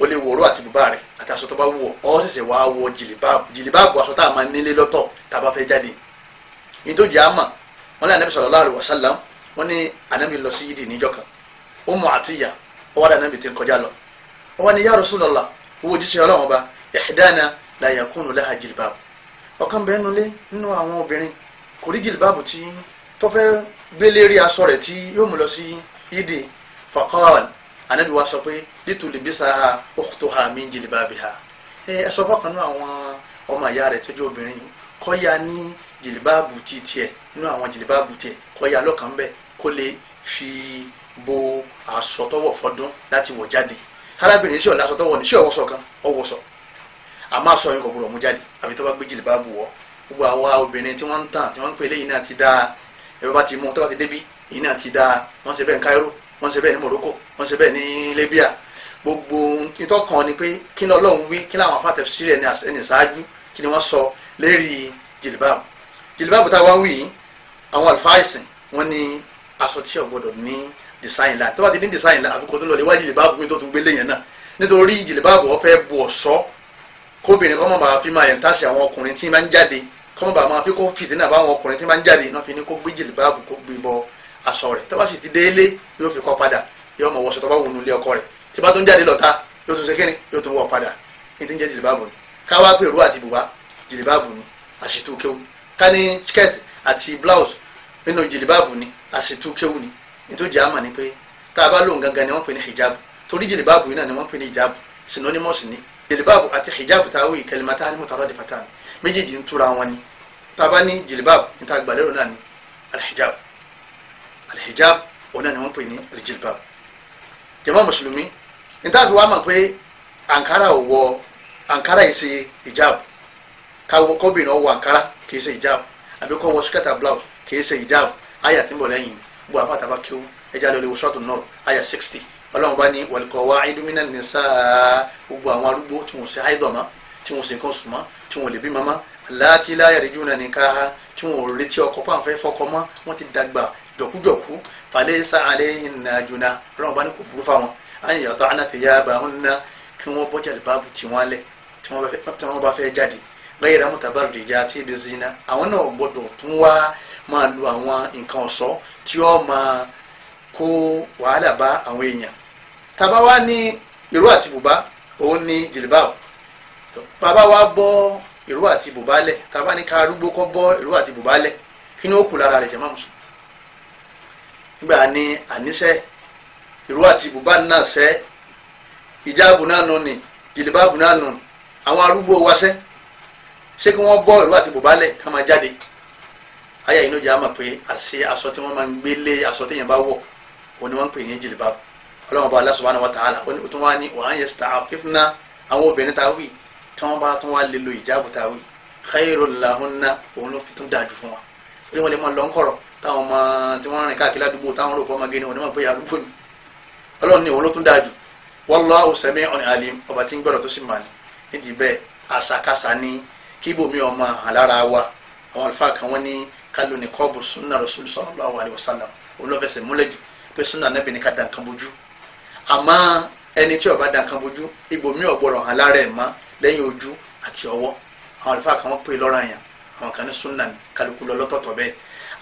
o lè wọ̀rọ̀ àti bùbá rẹ̀ àti aṣọ tó bá wù ọ́ ọ́ ṣẹ̀ṣẹ̀ wàá wọ jìlìbáàbù jìlìbáàbù aṣọ tá a máa nílé lọ́tọ̀ tá a bá fẹ́ jáde ní tó jẹ́ àmà wọn ní anabi sallallahu alaihi wasallam wọn ní anabi lọ sí yídì níjọ́ kan Ummu Atiyya ọwọ́ dà anabi ti ń kọjá lọ ọwọ́ ni ya Rasulullah owó ojúṣe ọlọ́run ọba ihdana la yakunu laha jìlìbáàbù ọ̀kan bẹ́ẹ̀ nulẹ̀ nínú àwọn obìnrin kò rí jìlìbáàbù tí tó fẹ́ gbélé rí aṣọ rẹ̀ tí yóò mú lọ sí yídì faqal anabi wa sọ pé nítorí bisa ukhtuha min jilbabiha ẹ sọ fọkàn náà àwọn ọmọ ìyá rẹ̀ tọ́jú obìnrin kọ́ya ní jìlìbáàbù ti tiẹ̀ nínú àwọn jìlìbáàbù tiẹ̀ kọ́ya lọ́kàn bẹ́ẹ̀ kó lè fi bo aṣọ tọwọ́ fọdún láti wọ̀ jáde arábìnrin sí ọ̀la aṣọ tọwọ́ ní sí ọwọ́sọ kan ọwọ́sọ àmọ́ aṣọ yẹn kò gbọdọ̀ mú jáde àbí tó bá gbé jìlìbáàbù wọ̀ gbogbo àwa obìnrin tí wọ́n ń tàn tí wọ́n ń pè wọ́n ṣe bẹ́ẹ̀ ní Morocco wọ́n ṣe bẹ́ẹ̀ ní Libya gbogbo ìtọ́kàn ni pé kí ni Ọlọ́run wí kí ni àwọn afáàtẹ̀ sílẹ̀ ní ẹni ṣáájú kí ni wọ́n sọ lérí jìlìbáàbù jìlìbáàbù táwa wí àwọn àlùfáà ẹ̀sìn wọ́n ní aṣọ tíṣọ̀ gbọ́dọ̀ ní design line tó bá ti ní design line àfikún tó lọ léwájú jìlìbáàbù mi tó tún gbélé yẹn náà nítorí jìlìbáàbù ó fẹ́ bu ọ̀ṣọ́ kóbìnrin kọ́mọ̀ bá fi máa yẹn àwọn ọkùnrin tí máa ń jáde kọ́mọ̀ bá máa fi kó fìdí náà bá àwọn ọkùnrin tí máa ń jáde náà fi ní kó gbé jìlìbáàbù kó gbé bọ́ aṣọ rẹ̀ tó bá sì ti dé ilé yóò fi kọ́ padà yóò mọ̀ wọ́sọ̀ tó bá wù nílé ọkọ rẹ̀ tí bá tó ń jáde lọ́ta yóò tún ṣe kíni yóò tún wọ̀ padà ní ti ń jẹ́ jìlìbáàbù ni káwá pé òru àti bùbá jìlìbáàbù ni àṣìtú kéwù ká ní skirt àti blouse nínú jìlìbáàbù ni àṣìtú kéwù ni nítorí àmà ni pé tá a bá lóun gangan ni wọ́n pè ní hijab torí jìlìbáàbù yìí náà ni wọ́n pè ní hijab synonymous ni jìlìbáàbù àti hijab táwí kẹlẹ́mátá ni mutaradifatan méjèèjì ń túra tá a bá ní jìlìbáàbù ní tá a gbàlérò náà alhijab òun náà ni wọ́n pè ní aljilbab jàmá mùsùlùmí níta fi wá mọ̀ pé ankara ò wọ ankara yìí ṣe hijab kọ́bìnrin ọwọ́ ankara kì í ṣe hijab àbí kọ́ wọ skẹ́tà blouse kì í ṣe hijab àyà tí ń bọ̀ lẹ́yìn gbọ́ àwọn àtàbà kí ó ẹja lórí wọ́ṣọ́tún náà àyà sixty ọlọ́run bá ní wàlùkọ́wá ìdúmínà ní sáà gbogbo àwọn arúgbó tí wọ́n ṣe àìdọ̀mọ́ tí wọ́n ṣe nǹkan sùnmọ́ tí wọ́n lè bí mọ́mọ́ aláàtí láyàrí júnà nìka tí wọ́n retí ọkọ fáǹfẹ́ fọkọ mọ́ wọ́n ti dàgbà jọ̀kújọ̀kú falẹ̀ sàlẹ̀ ìnàjùnà ọlọ́run bá ní kò burú fáwọn àyìn yàtọ̀ ànàfẹ̀yà bá ń ná kí wọ́n bọ́jà báàbù tí wọ́n lẹ̀ tí wọ́n bá fẹ́ jáde lẹ́yìn rámù tàbárù lè jẹ́ àti zina àwọn náà gbọ́dọ̀ tún wá máa lu àwọn nǹkan ọ̀ṣọ́ tí ó máa kó wàhálà bá àwọn èèyàn tàbá wá ní ìró àti bùbá òun ní jìlìbáwò bàbá wa bọ́ ìró àti bùbá lẹ̀ tàbá ní ká arúgbó kọ́ bọ́ ìró àti bùbá lẹ̀ kí ni ó kù lára rẹ̀ jẹ́ máa mùsùlùmí nígbà ní àníṣe ìró àti bùbá náà ṣe ìjáàbù náà nù ní jìlìbáàbù náà nù àwọn arúgbó wa ṣe ṣé kí wọ́n bọ́ ìró àti bùbá lẹ̀ ká máa jáde ayé inú jẹ́ àmọ̀ pé àṣẹ aṣọ tí wọ́n máa ń gbé lé aṣọ tí èèyàn bá wọ̀ òun ni wọ́n ń pè ní jìlìbáàbù ọlọ́run wa ta'ala ó tún wá ní wàá yẹ sta'afifna àwọn obìnrin tá a wí tí wọ́n bá tún wá lè lo ìjáàbù tá a wí lahunna òun ló fi tún wa torí wọ́n lè máa lọ táwọn ọmọ tí wọ́n rìn káàkiri àdúgbò táwọn rò fọmọge ni wọ́n ní wọ́n pè é àdúgbò ni ọlọ́run ní òun ló tún dáa jù wallahu sami'un alim ọba tí ń gbọ́dọ̀ tó sì mà ní nídìí bẹ́ẹ̀ àṣàkáṣà ni kí ibòmí ọmọ hàn lára wa àwọn àlùfáà kan wọ́n ní kálù ní kọ́ọ̀bù sunna rasul sallallahu alayhi wa sallam òun ló fẹsẹ̀ múlẹ̀ jù pé sunna nẹ́bì ní ká da nǹkan àmọ́ ẹni tí ó bá da nǹkan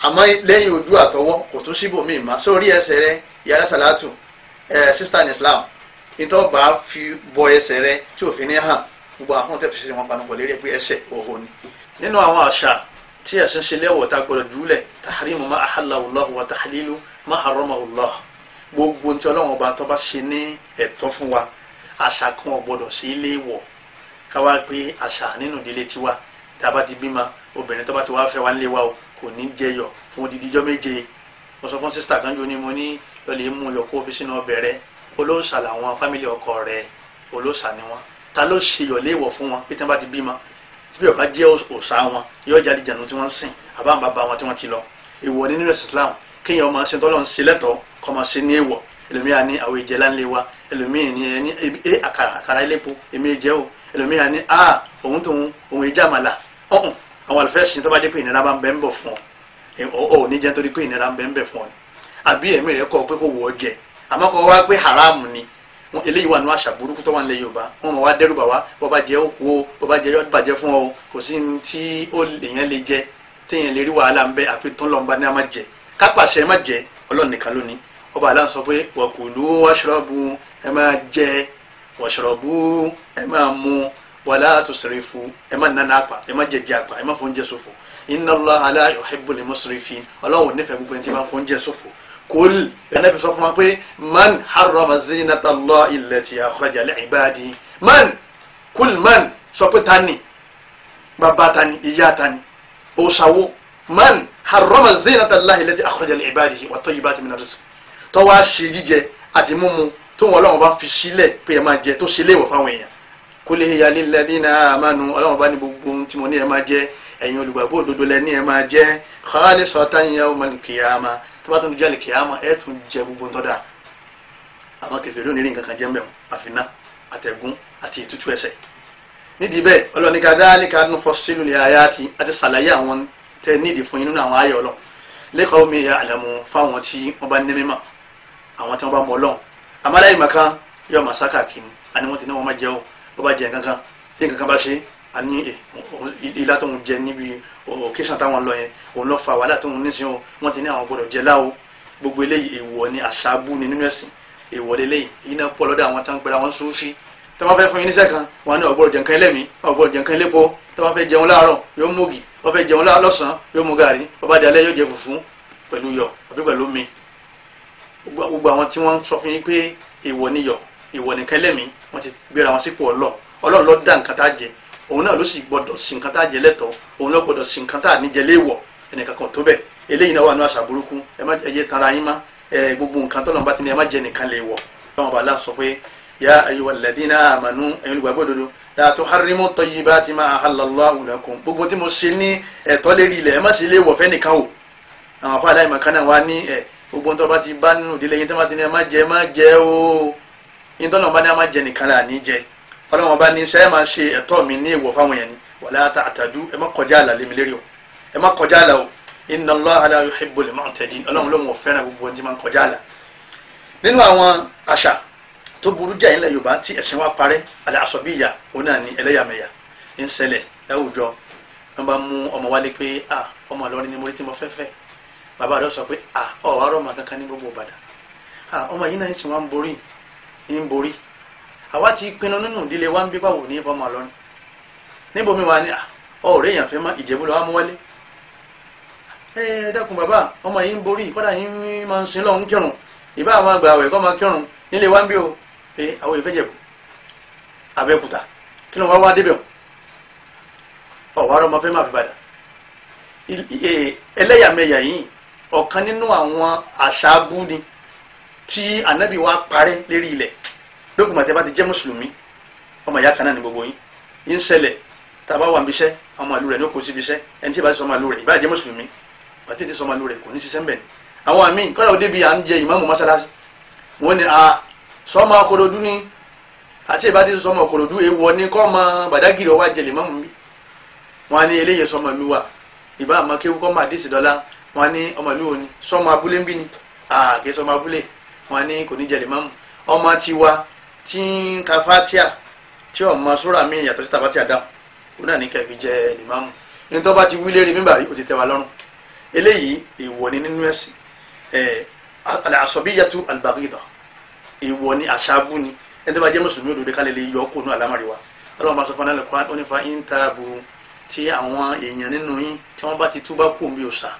àmọ́ lẹ́yìn ojú àtọwọ́ kò tún síbò míì má sórí ẹsẹ̀ rẹ yàrá sàlátù ẹ sísítà ní Islam ìtọ́ bá fi bọ ẹsẹ̀ rẹ tí òfin ní hàn gbogbo àwọn tẹ̀ fi ṣe wọn panupọ̀ lérí pé ẹsẹ̀ òhò ni. nínú àwọn àṣà tí ẹ̀sìn ṣe lẹ́wọ̀ tá a gbọ́dọ̀ dúlẹ̀ tahrimu ma ahallahu Allahu wa tahlilu ma haramahu Allah gbogbo ntí ọlọ́run ọba tó ṣe ní ẹ̀tọ́ fún wa àṣà kan ọ̀gbọ́dọ̀ sí ilé káwá pé àṣà nínú ìdílé tiwa tá a bá ti bímọ obìnrin tó ti wá fẹ́ wá ń lé wa o kò ní jẹyọ fún odidi ijọ́ méje mo sọ fún sísítà kanjú ni mo ní lọ́lẹ̀ mú yọ kó fi sínú ọbẹ̀ rẹ olóòṣà làwọn fámìlì ọkọ rẹ olóòṣà ni wọn ta ló ṣe yọ̀lé ìwọ̀ fún wọn pété bá ti bímọ tí bí ọba jẹ́ òòṣà wọn yóò jáde jànú tí wọ́n ń sìn àbáǹbá ba wọn tí wọ́n ti lọ ìwọ̀ nínú Islam kéèyàn ọmọ ṣe tọ́lọ́ ń ṣe lẹ́tọ̀ọ́ kọ́ máa ṣe ní ìwọ̀ ẹlòmíà ní àwọn ìjẹ́ láńlé wa ẹlòmíà ní ẹni ẹ a òun tòun òun ìjà màlà àwọn àlùfẹ́sìn tó bá dé pé ìnira bá ń bẹ ń bọ̀ fún ọ ò ní jẹ́ nítorí pé ìnira ń bẹ ń bẹ fún ọ àbí ẹ̀mí rẹ̀ kọ́ pé kò wọ́ jẹ àmọ́ kọ́ wá pé haramu ni eléyìí wà nù àṣà burúkú tó wà nílẹ̀ Yorùbá wọn mọ̀ wá dẹ́rù bà wá bọ́ bá jẹ́ òkú o bọ́ bá jẹ́ yọ́ bàjẹ́ fún ọ kò sí ní tí èèyàn lè jẹ téèyàn lè rí wàhálà ń bẹ àfi tán lọ́nba ní a jẹ kápàṣẹ má jẹ Ọlọ́run nìkan lónìí ọba aláǹ sọ pé wàkùlù wàṣọrọ̀bù ẹ máa jẹ wàṣọrọ̀bù ẹ máa mu wàlá tusrifu ẹ má nana àpà ẹ má jẹjẹ àpà ẹ má fóúnjẹ ṣòfò inna Allaha la yuhibbul musrifin ọlọ́run nífẹ̀ẹ́ gbogbo ẹni tí máa fóúnjẹ ṣòfò kul ẹnẹ fi sọ fún wa pé man harrama zinata Allahi allati akhraja li ibadi man kul man sọ pé tani bàbá tani ìyá tani òṣàwò man harrama zinata Allahi allati akhraja li ibadi wa tayyibati min ar-rizq tọ́wọ́ àṣẹ jíjẹ àti mímu tó wọn ọlọ́run bá fi sílẹ̀ pé ẹ máa jẹ tó sílẹ̀ wọ̀ fáwọn èèyàn kul hiya lilladhina amanu ọlọ́run bá ní gbogbo ohun tí mo ní ẹ máa jẹ ẹ̀yin olùgbàgbọ́ òdodo lẹ ní ẹ máa jẹ khalisatan yawmal qiyamah tó bá tún jẹ́ al-qiyamah ẹ tún jẹ gbogbo ń tọ́da àwọn kẹfìrí onírìn kankan jẹ́ mbẹ́ àfinà àtẹ̀gún àti ìtútù ẹsẹ̀ nídìí bẹ́ẹ̀ ọlọ́ni kadhalika nufassilu al-ayati àti sàlàyé àwọn tẹ nídìí fún inú àwọn ayọ̀ ọlọ́ liqawmin ya'lamun fáwọn tí wọ́n bá ní mímọ́ àwọn tí wọ́n bá mọ̀ ọlọ́run àmàlà ìmọ̀ kan yọ màsákà kìíní àni wọ́n ti ní wọ́n má jẹ́ o tó bá jẹ kankan tí kankan bá ṣe àní eh, ilá tó ń jẹ níbi òkèsàn táwọn lọ yẹn òun lọ fa wàhálà tó ń nísìnyí o wọn ti ní àwọn gbọ́dọ̀ jẹ láwo gbogbo eléyìí èèwọ̀ ni àṣàbù ni nínú ẹ̀sìn èèwọ̀ lélẹyìn iná pọ̀ lọ́dọ̀ àwọn tó ń pẹlẹ àwọn sófì tó bá fẹ́ fún yín níṣẹ́ kan wọn ní ọgbọdọ jẹ nǹkan ẹlẹmìí ọgbọdọ jẹ nǹkan ẹlẹpọ tó bá fẹ́ jẹun láàárọ̀ yóò mú ògì wọn fẹ́ jẹun lọ́sàn yóò mú gàrí wọn bá di alẹ́ yóò jẹ fùfú pẹ̀lú yọ àbí pẹ̀lú mi gbogbo àwọn tí wọn sọ fún yín pé èèwọ̀ ni yọ ìwọ nìkan lẹ́mí wọ́n ti gbéra wọn sípò ọlọ́run ọlọ́run ló dá nǹkan tá a jẹ òun náà ló sì gbọdọ̀ sí nǹkan tá a jẹ lẹ́tọ̀ọ́ òun náà gbọdọ̀ sí nǹkan tá a níjẹ léèwọ̀ ẹnìkan kan tó bẹ́ẹ̀ eléyìí náà wà ní àṣà burúkú ẹ má ẹ jẹ́ tara yín má ẹ gbogbo nǹkan tọ́lọ́run bá ti ní ẹ má jẹ nìkan léèwọ̀ ọlọ́run bá láà sọ pé yá ayyuhal ladina amanu ẹ̀yin olùgbàgbọ́ òdodo la tuharrimu tayyibati ma ahallallahu lakum gbogbo tí mo ṣe ní ẹ̀tọ́ lérí ilẹ̀ ẹ má ṣe léèwọ̀ fẹ́ nìkan o àwọn afáàlà ìmọ̀kánná wa ní ẹ̀ gbogbo tó bá ti bá nínú ìdílé yín tó bá ti ní ẹ má jẹ má jẹ o yín tọ́lọ́wọ́n bá ní a máa jẹ nìkan là ní jẹ ọlọ́wọ́n bá ní sẹ́yìn máa ṣe ẹ̀tọ́ mi ní ìwọ̀ fáwọn yẹn ni wàlá ta àtàdú ẹ má kọjá àlà lèmi lérí o ẹ má kọjá àlà o inna Allaha la yuhibbu al-mu'tadin ọlọ́wọ́n ló ń wọ̀ fẹ́ràn gbogbo ohun tí máa ń kọjá àlà. nínú àwọn àṣà tó burú jẹ́ ilẹ̀ Yorùbá tí ẹ̀sìn wa parẹ́ àlẹ́ àsọ̀bíyà òun náà ni ẹlẹ́yàmẹ̀yà ń ṣẹlẹ̀ láwùjọ wọn bá mú ni mo ń borí àwa ti pinnu nínú ìdílé wa ń bí báwo ní ìbọn máa lọ́nà níbo mi wà ní ah, ọ̀rẹ́ èèyàn fẹ́ mọ́ ìjẹ̀bú lọ́wọ́ mú wọlé ẹ dákun bàbá ọmọ yìí ń borí kọ́dà yìí máa ń sin lọ́hún kírun ìbá àwọn àgbà àwẹ̀ kọ́ máa kírun nílé wa ń bí o pé àwọn èèyàn fẹ́ jẹ̀bú Abẹ́òkúta kí ló wá wá débẹ̀ ọ̀wá ọmọ fẹ́ máa fi padà ẹlẹ́yàmẹ̀yà yìí ọ̀kan nínú àwọn àṣà abú tí anabi wa parẹ́ lérí ilẹ̀ lókùnmọ̀ tẹ́ bá ti jẹ́ mùsùlùmí ọmọ ìyá kan náà ní gbogbo yín yín ṣẹlẹ̀ tá a bá wà níbiṣẹ́ ọmọ àlù rẹ̀ ní okòó síbiṣẹ́ ẹni tí ì bá ti sọ ọmọ àlù rẹ̀ ìbá jẹ́ mùsùlùmí bàtí ti sọ ọmọ àlù rẹ̀ kò ní ṣiṣẹ́ mbẹ̀ àwọn àmì kọ́dà ó débi à ń jẹ ìmáàmù mọ́sálásí wọn ni a sọ ọmọ akorodu ni àti ìbá ti sọ ọmọ akorodu èèwọ̀ ni kọ́ ọmọ bàdágìrì ọwọ́ àjẹlẹ̀ ìmáàmù mi wọn ni eléyè sọ ọmọ àlùwà ìbá àmọ́ kéwú kọ́ ọmọ àdìsí dọ́là wọn ni ọmọ àlùwà ni sọ ọmọ abúlé ń bí ni àà kì í sọ ọmọ abúlé wọn ni kò ní jẹ limamu ọmọ tiwa tí ń ka fatia tí ọmọ sura mi yàtọ̀ sí tabatia dáhùn ó náà ní kẹfì jẹ limamu ní tó bá ti wí lérí mímbàrí ó ti tẹ́ wa lọ́rùn eléyìí ìwọ ni nínú ẹ̀sìn ẹ̀ àsọ̀bíyàtú àlùbárídà ìwọ ni àṣàbù ni ẹni tó bá jẹ́ mùsùlùmí òdòdó kálẹ̀ lè yọ kó nù àlámàrí wa ọlọ́run bá sọ fún alẹ́ kwan onífa íńtàbù tí àwọn èèyàn nínú yín tí wọ́n bá ti túbá kú omi òòsà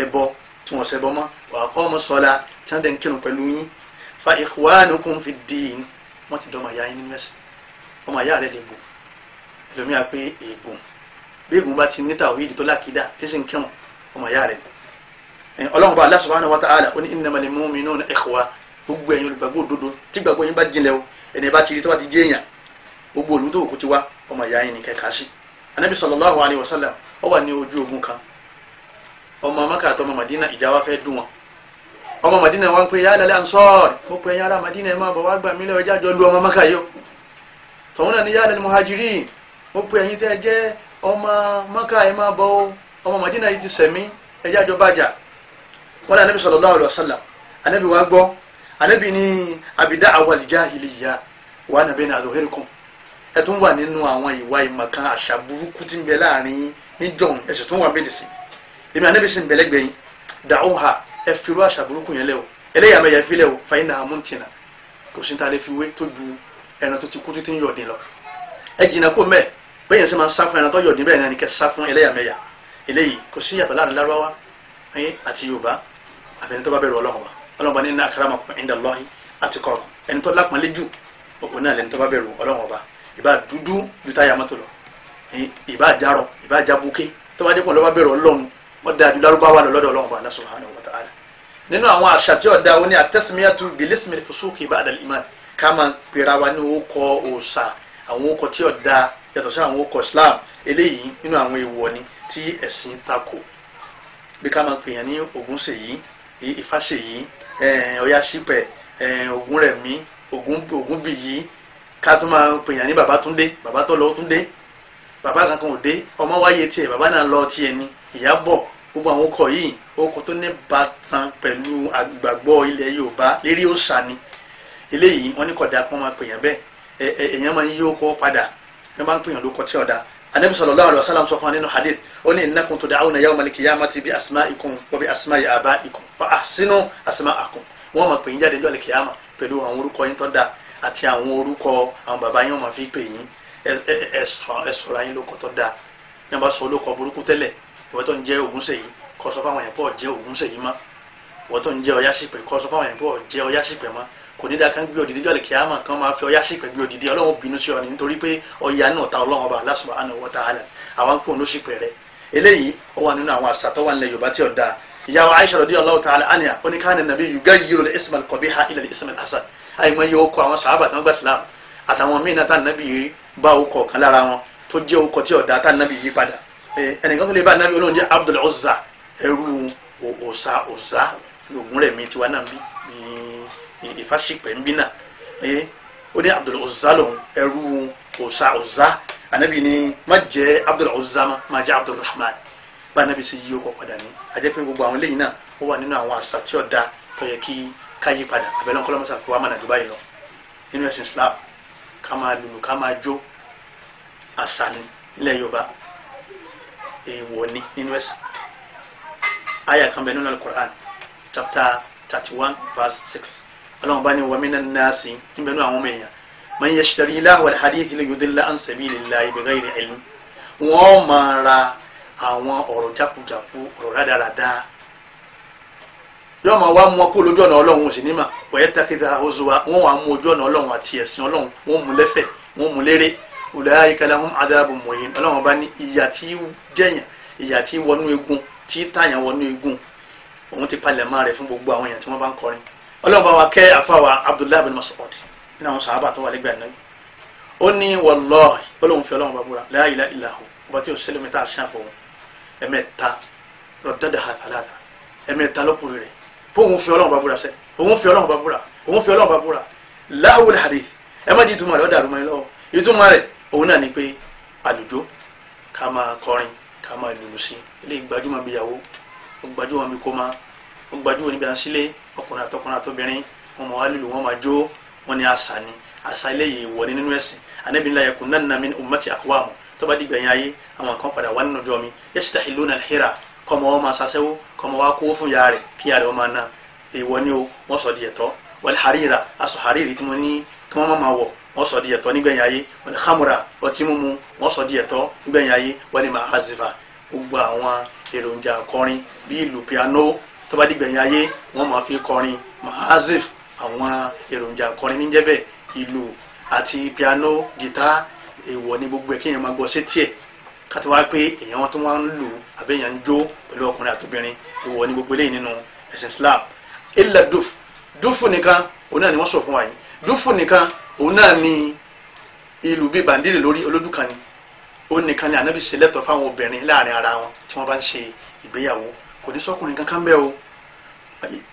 ẹ̀bọ tí wọ́n ṣẹbọ mọ́ wà á kọ́ ọmọ sọ́la tí wọ́n dẹ̀ ń kírun pẹ̀lú yín fa ikhwanukum fi ddin wọ́n ti dọ́mọ ìyá yín nínú ẹ̀sìn ọmọ ìyá rẹ̀ lè gùn ẹlòmíà pé ègùn bí ègùn bá ti ní tàwíìdì tó lákìdá tí sì ń kírun ọmọ ìyá rẹ̀ ọlọ́run bá Allah subhanahu wa ta'ala ó ní innamal mu'minuna ikhwa gbogbo ẹ̀yin olùgbàgbọ́ òdodo tí gbàgbọ́ yín bá jinlẹ̀ o ẹni bá ti rí tó bá ti jẹ́ èèyàn gbogbo olùdókòkò ti wá ọmọ ìyá yín ni kẹ̀kà sí anabi sallallahu alayhi wa sallam ó wà ní ojú ogun kan ọmọ maka àtọmọ madina ìjà wa fẹ́ dùn wọn ọmọ madina wa ń pe yálẹ ansọr mo pe yàrá madina ẹ máa bọ̀ wá gbà mí lẹ ọjà jọ lu ọmọ maka yìí o tọ̀hún náà ní yálẹ muhajirin mo pe ẹ̀yin tẹ́ jẹ́ ọmọ maka ẹ máa bọ̀ ọmọ madina yìí ti sẹ̀mí ẹjà jọ bàjà wọn náà níbi sallallahu alaihi wasallam anabi wa gbọ́ anabi ní abidá awal jahiliya wà nàbẹ́ ní azuhirikum ẹ tún wà nínú àwọn ìwà ìmọ̀kan àṣà burúkú ti ń bẹ láàrin yín níjọ́ ẹ̀sìn tún wà bẹ́ẹ̀ sí èmi ànábì sì ń bẹ̀lẹ́ gbẹ̀yìn dàún ha ẹ firu àṣà burúkú yẹn lẹ́wọ̀ ẹlẹ́yà mẹ́yà filẹ̀ o fàyín náà mú tìǹà kò sí ta lè fi wé tó ju ẹran tó ti kú títí ń yọ̀ dín lọ ẹ jìnnà kó mẹ́ bẹ́yẹn sì máa sá fún ẹran tó yọ̀ dín bẹ́ẹ̀ náà ni kẹ́ sá fún ẹlẹ́yà mẹ́yà eléyìí kò sí yàtọ̀ láàrin lárúbáwá àti yorùbá àbẹ̀ni tó bá bẹ̀rù ọlọ́run wa ọlọ́run bá ní inna akramakum inda Allahi atqakum ẹni tó lápọ̀nlé jù òkú náà lẹni tó bá bẹ̀rù ọlọ́run ọba ìbá dúdú ju táyà mọ́tò lọ ìbá jarọ ìbá jabuke tó bá dé pọ̀ lọ́ba bẹ̀rù ọlọ́run wọ́n dáa ju lárúbáwá lọ lọ́dọ̀ ọlọ́run bàálà subhanahu wa ta'ala nínú àwọn àṣà tí ọ̀dà wọn ni àtẹ́sìmíyàtú bilismi fusuki bá àdàlì iman ká máa pera wa ní orúkọ òòṣà àwọn orúkọ tí ọ̀dà yàtọ̀ sí àwọn orúkọ islam eléyìí nínú àwọn èèwọ̀ ni tí ẹ̀sìn tako bí ká máa pèèyàn ní Ògúnṣèyí Ifáṣèyí eh, Ọ̀yáṣípẹ̀ eh, Ògúnrẹ̀mí Ògúnbíyí ká tún máa pèèyàn ní Babátúndé Babátọ́lọ́túndé bàbá kankan ọmọ wáyé tiẹ̀ bàbá tiẹ̀ ni ìyá bọ̀ gbogbo àwọn ọkọ̀ yìí ọkọ̀ tó ní bàtàn pẹ̀lú àgbàgbọ́ ilẹ̀ Yorùbá lérí òòṣà ni eléyìí wọ́n ní kódà kí wọ́n máa pèèyàn bẹ́ẹ̀ èèyàn máa ń yí ọkọ̀ padà wọ́n máa ń pèèyàn lóko tí ọ̀dà anabi sallallahu alaihi wasallam sọ fún wa nínú hadith ó ní innakum tud'auna yawmal qiyamati bi asma'ikum wa bi asma'i aba'ikum fa ahsinu asma'akum wọ́n máa pèyìn jáde lọ́ọ̀lẹ̀ kìyàmà pẹ̀lú àwọn orúkọ yín tó dáa àti àwọn orúkọ àwọn bàbá yín wọ́n máa fi pèyìn ẹ̀sọ̀rọ̀ yín lóko tó dáa yín bá sọ olóko burúkú tẹ́lẹ̀ ìwọ́n tó ń jẹ́ Ògúnṣèyí kọ́ sọ fáwọn yẹn pọ̀ jẹ́ Ògúnṣèyí mọ́ ìwọ́n tó ń jẹ́ Ọ̀yáṣìpẹ̀ kọ́ sọ fáwọn yẹn pọ̀ jẹ́ Ọ̀yáṣìpẹ̀ mọ́ kò ní dákan gbé òdìdí jọ́lẹ̀ kíámà kan máa fi Ọ̀yáṣìpẹ̀ gbé òdìdí Ọlọ́run bínú sí ọ nítorí pé ọ̀yà náà ta Ọlọ́run ọba Allah subhanahu wa ta'ala àwọn kò ló ṣìpẹ̀ rẹ̀ eléyìí ó wà nínú àwọn àṣà tó wà nílẹ̀ Yorùbá tí ó dáa ìyàwó Aisha radiyallahu ta'ala anha oníkànnì nàbí yugayiru al-isma al-qabiha ila al-isma hasan àìmọye ó kọ àwọn sàhábà tó ń gbà Islam àtàwọn míì náà tá nàbí bá ó kọ̀ọ̀kan lára wọn tó jẹ́ ó tí ó dáa tá nàbí yí padà Eh, ẹnìkan tó lè bá anabi olóhùn jẹ́ Abdul Uzza ẹrú òòsà òòsà ogun rẹ̀ mi tiwa náà bí ìfàṣìpẹ̀ ń bí náà eh, ó ní Abdul Uzza lòun ẹrú òòsà òòsà anabi ni má jẹ́ Abdul Uzza ma má jẹ́ Abdul Rahman bá anabi ṣe yí ọkọ̀ padà ní àjẹpẹ́ gbogbo àwọn lẹ́yìn náà ó wà nínú àwọn àṣà tí ọ̀dà tó yẹ kí káyí padà abẹ́lẹ́ ọkọlọ́mọsá fi wá mọ̀nà dubai lọ nínú ẹ̀sìn Islam ká máa lùlù ká máa jó àṣà ní ilẹ̀ Yorùbá èèwọ̀ ni nínú ẹ̀sìn àyà kan bẹ nínú alukur'an chapter thirty one verse six ọlọ́run bá ní wa minan nasi níbẹ̀ nínú àwọn ọmọ èèyàn man yashtari lahwa al-hadith li yudilla an sabilillahi bighayri ilm wọ́n máa ra àwọn ọ̀rọ̀ jákujàku ọ̀rọ̀ rádaràda yóò máa wá ọkọ lójú ọ̀nà ọlọ́run òsì nímà wọ́n yẹ takita oṣù wọ́n wà mú ojú ọ̀nà ọlọ́run àti ẹ̀sìn ọlọ́run wọ́n mú lẹ́fẹ̀ẹ́ wọ́n mú lérè ulaika lahum adabun muhin ọlọ́run bá ní ìyà tí jẹ̀yàn ìyà tí wọnú egun tí tàyàn wọnú egun òun ti palẹ̀ máa rẹ̀ fún gbogbo àwọn èèyàn tí wọ́n bá ń kọrin ọlọ́run bá wa kẹ́ àfàwà abdullahi bin mas'ud nínú àwọn sàábà tó wà lẹ́gbẹ̀ẹ́ náà ó ní wallahi ọlọ́run fi ọlọ́run bá búra la ilaha illa hu ọba tí òṣèlú mi tá a ṣàn fún ẹ̀mẹ́ta rọ̀dọ́dà àtàlàdà ẹ̀mẹ́ta lọ́kùnrin rẹ̀ fóun fi ọlọ́run bá rẹ̀ òun náà ni pé àlùjọ ká máa kọrin ká máa lùlù sí eléyìí gbajúmọ̀ bí ìyàwó ó gbajúmọ̀ bí kò máa ó gbajúmọ̀ níbi àṣìlẹ ọkùnrin àtọkùnrin àtọbìnrin wọn máa wá lùlù wọn máa jó wọn ni àṣà ni àṣà eléyìí wọ ní nínú ẹsìn Ànábì la yakunanna min ummati aqwamu tó bá dìgbà yẹn ayé àwọn kan padà wá nínú ọjọ́ mi yastahilluna al-hira kọmọ wọn máa sasẹ́wó kọmọ wa kó fún ya rẹ̀ kí ya wọn máa na èèwọ̀ ni o wọ́n sọ di ẹ̀tọ́ wal harira aṣọ hariri tí mo ní kí wọ́n má máa wọ̀ wọ́n sọ di ẹ̀tọ́ nígbẹ̀yìn ayé wọ́n ní hamura ọtí mímu wọ́n sọ di ẹ̀tọ́ nígbẹ̀yìn ayé wọ́n ní mahazifa gbogbo àwọn èròjà kọrin bíi ìlù piano tó bá dìgbẹ̀yìn ayé wọ́n máa fi kọrin mahazif àwọn èròjà kọrin níjẹ́ bẹ́ẹ̀ àti piano gita èèwọ̀ ní gbogbo ẹ̀ kéèyàn máa gbọ́ sétí ẹ̀ kátó wá pé èèyàn wọn tó máa ń lù àbẹ́yàn ń jó pẹ̀lú ọkùnrin àtòbìnrin èèwọ̀ ní gbogbo eléyìí nínú ẹ̀sìn Islam illa dúf dúfù nìkan òun náà ni wọ́n sọ fún wa yìí lúfù nìkan òun náà ni ìlú bíi bàndìrì lórí olójú kan ni òun nìkan ni ànábì ṣe lẹ́tọ̀ọ́ fáwọn obìnrin láàrin ara wọn tí wọ́n bá ń ṣe ìgbéyàwó kò ní sọ́kùnrin kankan bẹ́ẹ̀ o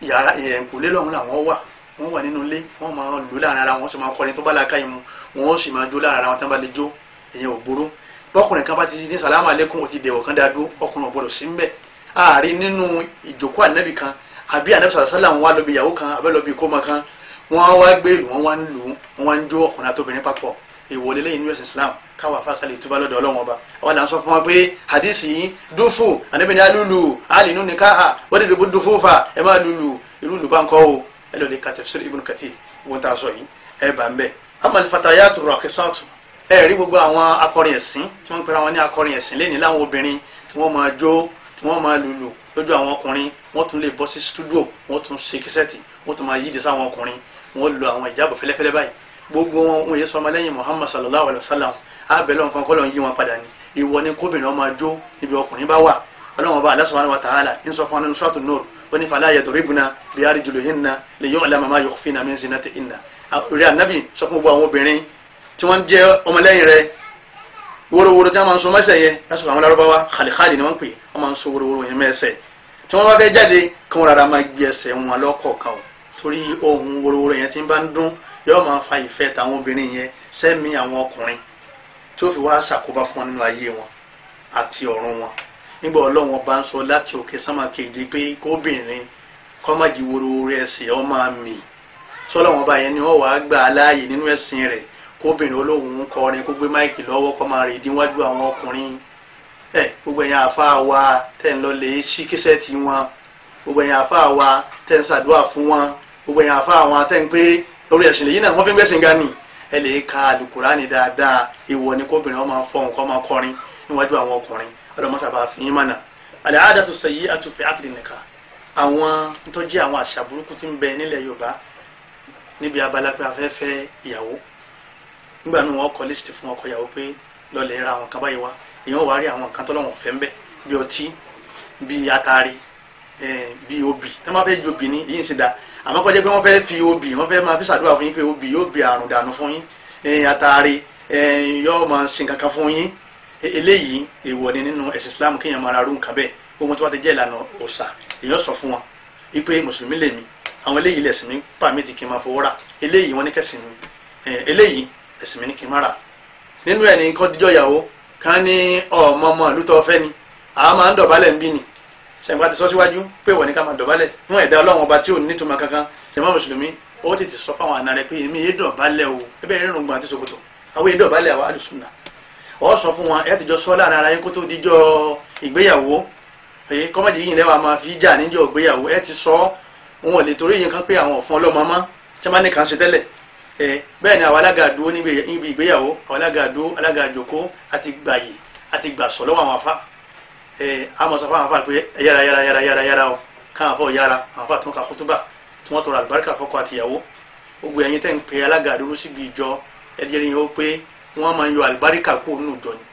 yàrá ẹ̀ǹkùlé lọ́hùn làwọn wà wọ́n wà nínú ilé wọ́n máa lù láàrin ara wọn sì máa kọrin tó bá làákà ìmú wọn sì máa jó láàrin ara wọn tí wọ́n bá lè jó èèyàn ò gbóró bọ́kùnrin kan bá ti ní sàlámù alẹ́kùn ò ti kan dáadó ọkùnrin ò sí ń bẹ̀ ààrin nínú ìjókòó ànábì kan àbí ànábì sàlásàlà wọn wá lọ́bi ìyàwó kan àbẹ́ lọ́bi ìkómọ kan wọ́n wá gbé ìlú wọ́n wá ń lù wọ́n wá ń jó ọkùnrin àtòbìnrin papọ̀ ìwọlé lẹ́yìn us islam káwọn afákalẹ̀ tó bá lọ́dọ̀ ọlọ́wọ́n ọba àwọn là ń sọ fún wa pé hadith yìí dúfò ànábìnrin alúlù alìnú ní káhà wọ́n dẹ̀ bó dúfò fà ẹ máa lùlù ìlú lù bá ń kọ́ o ẹ lọ́ọ́ lè ka tafsir ibn kathir wọ́n ta sọ yìí ẹ bá ń bẹ̀. amal fatayatu rakisatu ẹ rí gbogbo àwọn akọrin ẹ̀sìn tí wọ́n pera wọn ní akọrin ẹ̀sìn lẹ́ni láwọn obìnrin tí wọ́n máa jó tí wọ́n máa lùlù lójú àwọn ọkùnrin wọ́n tún lè bọ́ sí stúdíò wọ́n tún ṣe kẹsẹ́tì wọ́n tún máa yíde sáwọn ọkùnrin wọn lo àwọn ìjábọ̀ fẹ́lẹ́fẹ́lẹ́ báyìí gbogbo wọn wọn yẹ sọmọ lẹ́yìn Muhammad sallallahu alayhi wa sallam abẹ́lẹ́ wọn kọ́lọ́ yí wọn padà ni ìwọ ni kóbìnrin ọmọ ajó ibi ọkùnrin bá wà ọlọ́wọ́n bá Allah subhanahu wa ta'ala ń sọ fún wọn nínú sọ́ọ̀tù nóòrù ó ní fala yadribna bi arjulihinna li yu'lama ma yukhfina min zinatihinna rí ànábì sọ fún gbogbo àwọn obìnrin tí wọ́n jẹ́ ọmọlẹ́yìn rẹ̀ wórówóró tí wọ́n máa ń so mẹ́sẹ̀ yẹn lásìkò àwọn lárúbáwá khalikhali ni wọ́n pè wọ́n máa ń so wórówóró yẹn mẹ́sẹ̀ tí wọ́n bá fẹ́ jáde kí wọ́n rárá máa gbé ẹsẹ̀ wọn lọ́kọ̀ọ̀kan o torí ohun worowóró yẹn tí ń bá ń dún yóò máa fa ìfẹ́ tàwọn obìnrin yẹn sẹ́mi àwọn ọkùnrin tí ó fi wá ṣàkóbá fún wọn nínú ayé wọn àti ọ̀run wọn nígbà ọlọ́wọ́n bá ń sọ láti òkè sánmà kejì pé kóbìnrin worowóró ẹ̀sìn máa mì ni wọ́n wàá gba nínú ẹ̀sìn rẹ̀ kóbìnrin olóhùn kó gbé máìkì lọ́wọ́ kọ́ máa rè díwájú àwọn ọkùnrin gbogbo wa tẹ̀ ń lọ lè ṣí gbogbo èèyàn àfa àwọn atẹ́ ń pé torí ẹ̀sìn lèyí náà wọ́n fi ń gbẹ́sìn gan ni ẹ lè ka alukurani dáadáa ìwọ ni kóbìnrin wọn máa fọ kọ́ máa kọrin níwájú àwọn ọkùnrin ọlọmọsàbà àfihàn mọ̀nà àlẹ́ àdàtú sẹ́yí àtúfẹ́ àkìdìnnìkà àwọn ntọ́jú àwọn àṣà burúkú ti ń bẹ nílẹ̀ yorùbá níbi abala afẹ́fẹ́ ìyàwó nígbà míì wọ́n kọ lísìtì fún ọkọ ìyàwó pé lọ́ọ̀lẹ́ ra àwọn kan báyìí wá èèyàn wá rí àwọn kan tọ́lọ́wọ̀n fẹ́ bí obì tí wọ́n fẹ́ ju obì ní yìí ń ṣe da àmọ́ kọjá pé wọ́n fẹ́ fi obì wọ́n fẹ́ máa fi ṣàdúrà fún yín pé obì yóò bi àrùn dànù fún yín àtàrí yóò máa ṣe nǹkan kan fún yín e, eléyìí èèwọ̀ ni nínú ẹ̀sìn Islam kéèyàn máa ra rú nǹkan bẹ́ẹ̀ ohun tí wọ́n ti jẹ́ ìlànà òòṣà èèyàn sọ fún wọn wípé mùsùlùmí lèmi àwọn eléyìí lẹ̀sìn mi pàmì ti kí n máa fowó rà eléyìí wọ́n ní kẹ̀sìn mi eléyìí ẹ̀sìn mi ní kí n má rà nínú ẹ̀ ní kọ́ díjọ́ ìyàwó kan ní ọmọ ọmọ ìlú tó fẹ́ ni àá máa ń dọ̀bálẹ̀ ń bí ni sẹ́yìn bá ti sọ síwájú pé wọ̀ ní ká máa dọ̀bálẹ̀ fún ẹ̀dá ọlọ́run ọba tí ò ní ìtumọ̀ kankan sẹ́yìn mùsùlùmí ó tètè sọ fáwọn àna rẹ pé èmi yé dọ̀bálẹ̀ o ẹbẹ̀ yẹn rìnrìn gbọ̀n àti ṣòkòtò àwọn yé dọ̀bálẹ̀ àwọn alùsùnà ọ sọ fún wọn ẹ tìjọ sọ láàrin ara yín kó tó dijọ́ ìgbéyàwó èyí kọ́mọ̀dé yìí rẹ wà máa fi jà níjọ́ ìgbéyàwó ẹ ti sọ ni àwọn alága àdúró níbi ìgbéyàwó àwọn alága àdúró alága àjòkó àti gbàyè àmọ̀ sọ fáwọn afáà yara yara yara yára yára yára o káwọn afọ yára àwọn afáà tó ń ka kútúbà tí wọ́n tọrọ àlùbáríkà o àtìyàwó gbogbo ẹ̀yin tẹ́ ń pe alága àdúró síbi ìjọ ẹ̀jẹ̀ yẹn ó pé wọ́n máa ń yọ àlùbáríkà kó nù jọ ni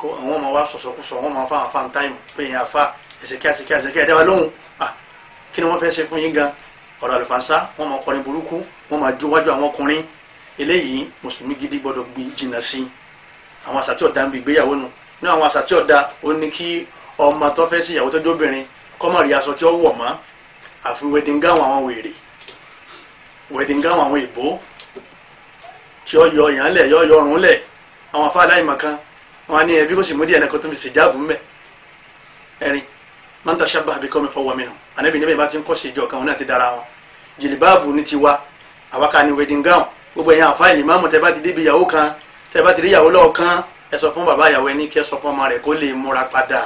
kó àwọn ọmọ wa sọ̀sọ̀kúsọ wọ́n máa fáwọn afáà táìmù pé yẹn afá ẹ̀sẹ̀kí àṣẹkí àṣẹkí ẹ̀dá wa lóhùn kí ni wọ́n fẹ́ ṣe fún yín gan ọ̀rọ̀ àlùfáàsá wọ́n máa kọrin burúkú wọ́n máa jó wájú àwọn ọkùnrin eléyìí mùsùlùmí gidi gbọ́dọ̀ gbin jìnnà sí àwọn àṣà tí ọ̀dà ń bi ìgbéyàwó nù ní àwọn àṣà tí ó ní kí ọmọ tó fẹ́ sí ìyàwó tó dóbìnrin kọ́mọ̀ aṣọ tí ó wọ̀ mọ́ àfi wedding gown àwọn wèrè wedding gown àwọn ìbò tí ó yọ ìyàn lẹ̀ yọ yọ ọrùn lẹ̀ àwọn afá aláìmọ̀ kan wọn á ní ẹbí kò sì mú díẹ̀ náà kó tó fi ṣèjáàbù ń bẹ̀ ẹ̀rin máa ń àbíkọ́ mi fọwọ́ mi nù ànábì níbẹ̀ bá ti ń kọ́ sí ìjọ kan òun náà ti dára wọn jìlìbáàbù ní tiwa àwáká ni wedding gown gbogbo ẹ̀yin àfa ìlímọ̀mù tẹ́ bá ti débi ìyàwó kan tẹ́ bá ti rí ìyàwó lọ́ọ̀kan ẹ sọ fún bàbá ìyàwó ẹni kí ẹ fún ọmọ rẹ̀ kó lè múra padà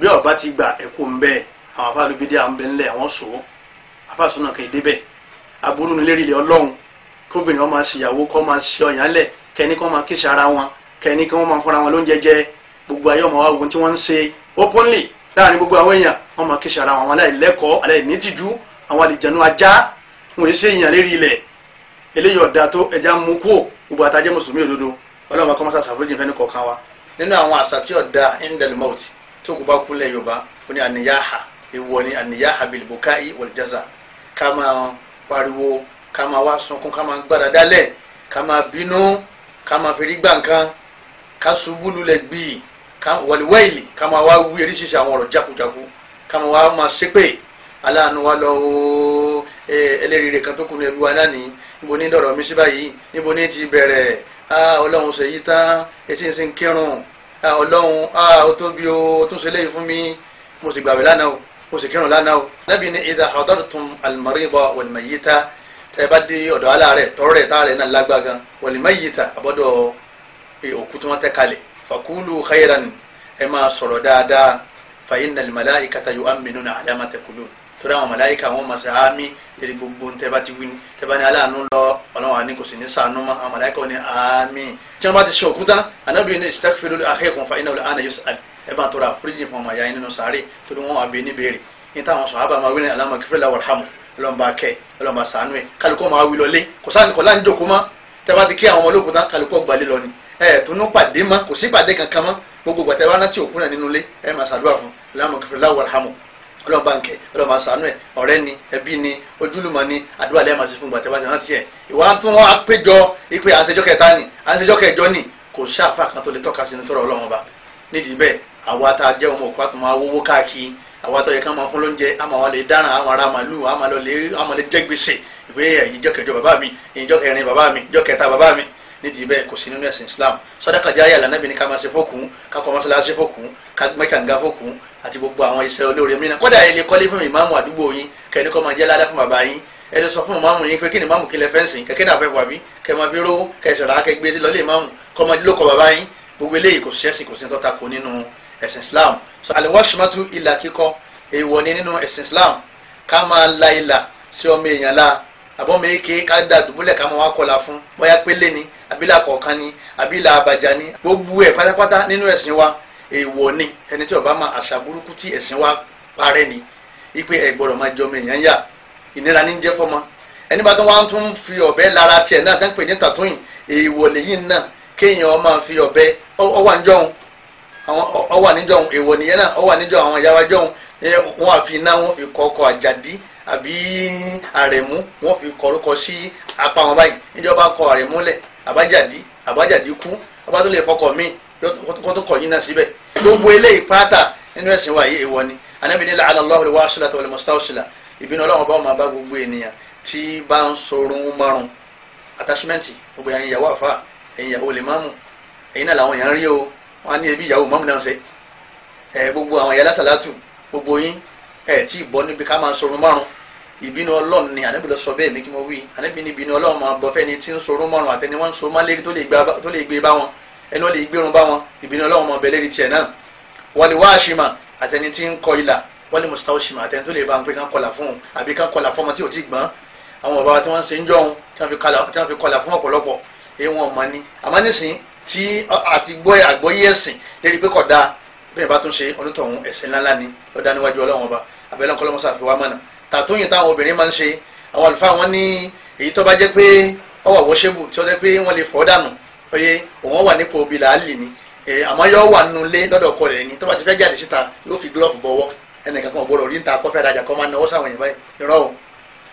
bí ọba ti gbà ẹkú ń bẹ àwọn afáàlú bíi dé àwọn bẹ ńlẹ àwọn sọ afáàsùn náà kì í débẹ aburú nílé ilé Ọlọ́run kóbìnrin wọn máa kọ máa ṣe ọyàn lẹ kẹni kọ máa kíṣe ara wọn kẹni kí máa fọra wọn lóúnjẹ jẹ gbogbo ayé ọmọ wa ogun tí wọn ń ṣe openly láàrin gbogbo àwọn èèyàn wọn máa kíṣe ara wọn àwọn aláìlẹ́kọ̀ọ́ aláìnítìjú àwọn àlìjẹnu ajá wọn èsì èèyàn lérí ilẹ̀ eléyìí ọ̀dà tó ẹja mú kú gbogbo àtàjẹ́ mùsùlùmí òdodo ọlọ́run akọ́mọ́sá sàfúrẹ́jì fẹ́ni kọ̀ọ̀kan wa nínú àwọn àṣà tí ọ̀dà indel tó kò bá kú lẹ̀ yorùbá ó ní àníyáhà ìwọ ni àníyáhà bil bukai wal jaza ká máa pariwo ká máa wá sunkún ká máa gbára dálẹ̀ ká máa bínú ká máa fi rí gbàǹkan ká ṣubú lulẹ̀ gbìyì wọ̀líwẹ́ẹ̀lì ká máa wá wí eríṣiríṣi àwọn ọ̀rọ̀ jákujáku ká máa wá máa ṣépè aláàánú wa lọ o ẹlẹ́rìíre kan tó kunu ẹbí wa náà níbo ní dọ̀rọ̀ mi sí níbo ní ti bẹ̀rẹ̀ ah, ọlọ́run ṣèyí tán etí ń sin kírun Ah, ọlọ́run ah, ó tóbi ó tó ṣe léyìí fún mi mo sì gbàwé lánàá o mo sì kírun lánàá o Ànábì ní idha hadartum al-marida wal-mayyita tẹ́ bá dé ọ̀dọ̀ aláàárẹ̀ tọrọ rẹ̀ táàrẹ̀ náà lágbára gan wal-mayyita àbọ̀dọ̀ e, òkú tí wọ́n tẹ́ kalẹ̀ fakulu khayran ẹ máa sọ̀rọ̀ dáadáa fa innal malaikata yu'minuna ala ma taqulun torí àwọn màláíkà wọn mọ̀ sí àmì èrè gbogbo ń tẹ́bá ti wí ni tẹ́bá ní aláàánú lọ ọlọ́run àní kò sì ní sànú mọ́ àwọn màláíkà wọn ní àmì tí wọ́n bá ti ṣe òkúta anábìyẹ ní istaghfiru li akhikum fa innahu al-ana yus'al ẹ bá tọrọ àforíjì fún ọmọ ìyá yín nínú sàárè torí wọn wà bí ní béèrè ní táwọn sàhábà máa wí ní allahumma ighfir lahu warhamhu ọlọ́mọba kẹ ọlọ́mọba sànú ẹ kálukọ́ máa wí lọlé kò sáà nìkan láǹjọ kó mọ́ tẹ́bá ti kí àwọn ọmọlókun tán kálukọ́ gbalé lọ ni ẹ tó ní pàdé mọ́ kò ọlọ́ba nkẹ́ ọlọ́ba sànú ẹ̀ ọ̀rẹ́ ni ẹbí ni ojúlùmọ̀ ni àdúrà lẹ́yìn màsí fún gbàtẹ́wà náà tiẹ̀ ìwà tí wọ́n á péjọ ìpè àṣejọ́ kẹta ni àṣejọ́ kẹjọ ni kò sáfà kan tó lè tọ́ka sínú tọrọ ọlọ́run ọba nídìí bẹ́ẹ̀ àwa tá a jẹ́ ọmọ òkú àtúmọ̀ awówó káàkiri àwa tó yẹ ká máa fún lóúnjẹ àmọ́ àwọn lè dáràn àwọn ará màlúù àmọ́ lè jẹ́ gbèsè ìpè ìjọ kẹjọ bàbá mi ìjọ bàbá mi ìjọ bàbá mi nídìí bẹ́ẹ̀ kò sí nínú ẹ̀sìn Islam sàdákà jáyà lànàbì ní ká máa ṣe fókun ká kọ́ mọ́ṣáláṣí fókun ká mẹ́kànga fókun àti gbogbo àwọn iṣẹ́ olóore mìíràn kódà ẹ lè kọ́lé fún ìmáàmù àdúgbò yín kẹ́ni kọ́ máa jẹ́ ládá fún bàbá yín ẹ lè sọ fún ìmáàmù yín pé kí ni ìmáàmù kí lẹ fẹ́ǹsì kẹ́kẹ́ náà fẹ́ wà bí kẹ́ máa fi rówó kẹ́ sọ̀rọ̀ kẹ́ gbé lọ́lé ìmáàmù kọ́ máa lóko bàbá yín gbogbo Islam so àlewọ́ṣùmọ́tò ìlà kíkọ́ èèwọ̀ ni nínú Islam ká la ìlà sí ọmọ la àbọ̀mọ̀ èké ká dà dùbúlẹ̀ ká máa wá Abila kọ̀ọ̀kan ni àbílà àbàjá ni gbogbo ẹ̀ pátápátá nínú ẹ̀sìn wa èèwọ̀ ni ẹni tí ó bá máa àṣà burúkú tí ẹ̀sìn wa parẹ́ ni ipe ẹ̀ gbọ́dọ̀ máa jọmọ èèyàn yà ìnira ní jẹ́ fọ́mọ ẹni bá tó wá tún fi ọ̀bẹ lára tiẹ̀ náà tẹ́ ń pè ní tàtúyìn èèwọ̀ lèyìn náà kéèyàn máa fi ọ̀bẹ ọwà níjọ́hun ọwà èèwọ̀ nìyẹn náà ọwà níjọ́ àwọn ìyá wa wọn àfi iná ìkọ̀ọ̀kọ̀ àjàdí àbí àrẹ̀mú wọ́n fi kọ̀rọ̀kọ̀ sí apá wọn báyìí níjọba kọ àrẹ̀mú lẹ̀ àbájáde àbájáde kú ọba tó lè fọkọ̀ míì kó tó kọ̀ yín náà síbẹ̀ gbogbo eléyìí pátá nínú ẹ̀sìn wa yìí èèwọ̀ ni anábì ní làálà lọ́wọ́ rẹ̀ wá ṣílá tó wọlé mọ̀sítáwọ̀ṣílá ìbínú ọlọ́run bá wọn máa bá gbogbo ènìyàn tí bá ń sorun márùn àtàṣímẹ́ǹtì gbogbo ẹ̀yin ìyàwó àfa ẹ̀yin ìyàwó lè máàmù ẹ̀yin náà làwọn èèyàn rí o wọn á ní ebi ìyàwó máàmù náà ṣe ẹ̀ gbogbo àwọn ìyá lásàlátù gbogbo yín ẹ̀ tí ìbọn níbi ká máa sorun márùn ìbínú ọlọ́run ni ànábì lọ sọ bẹ́ẹ̀ mi kí mo wí ànábì ní ìbínú ọlọ́run máa bọ́ fẹ́ni tí ń sorun márùn àtẹni wọ́n ń so málérí tó lè gbé bá wọn ẹni wọ́n lè gbérun bá wọn ìbínú ọlọ́run máa bẹ̀lẹ́rì tiẹ̀ náà wọ́n lè wá àṣìmà àtẹni tí ń kọ ilà wọ́n lè mustawshima àtẹni tó lè bá ń pè kán kọlà fún un àbí kán kọlà fún ọmọ tí ò tí gbọ́n àwọn bàbá wa tí wọn mọ̀ ni àmọ́ nísìnyí bẹ́ẹ̀ bá tún ṣe onítọ̀hún ẹ̀sìn ńláńlá ni lọ́dá níwájú ọlọ́run ọba abẹ́lẹ́ ọ̀kọ́lọ́mọsá fi wá mọ̀nà tàtúnyìn táwọn obìnrin máa ń ṣe àwọn àlùfáà wọn ní èyí tó bá jẹ́ pé ó wà wọ́ṣẹ́bù tí ó jẹ́ pé wọ́n lè fọ́ dànù oye òun wà nípò obì làálì ni àmọ́ yọ wà nínú ilé lọ́dọ̀ ọkọ rẹ̀ ni tó bá ti fẹ́ jáde síta yóò fi gílọ́ọ̀fù bọ̀wọ́ ẹnìkan kan gbọ́dọ̀ rí níta kọ́fẹ́ àdájà kan máa ń náwó sáwọn èèyàn báyìí irọ́ o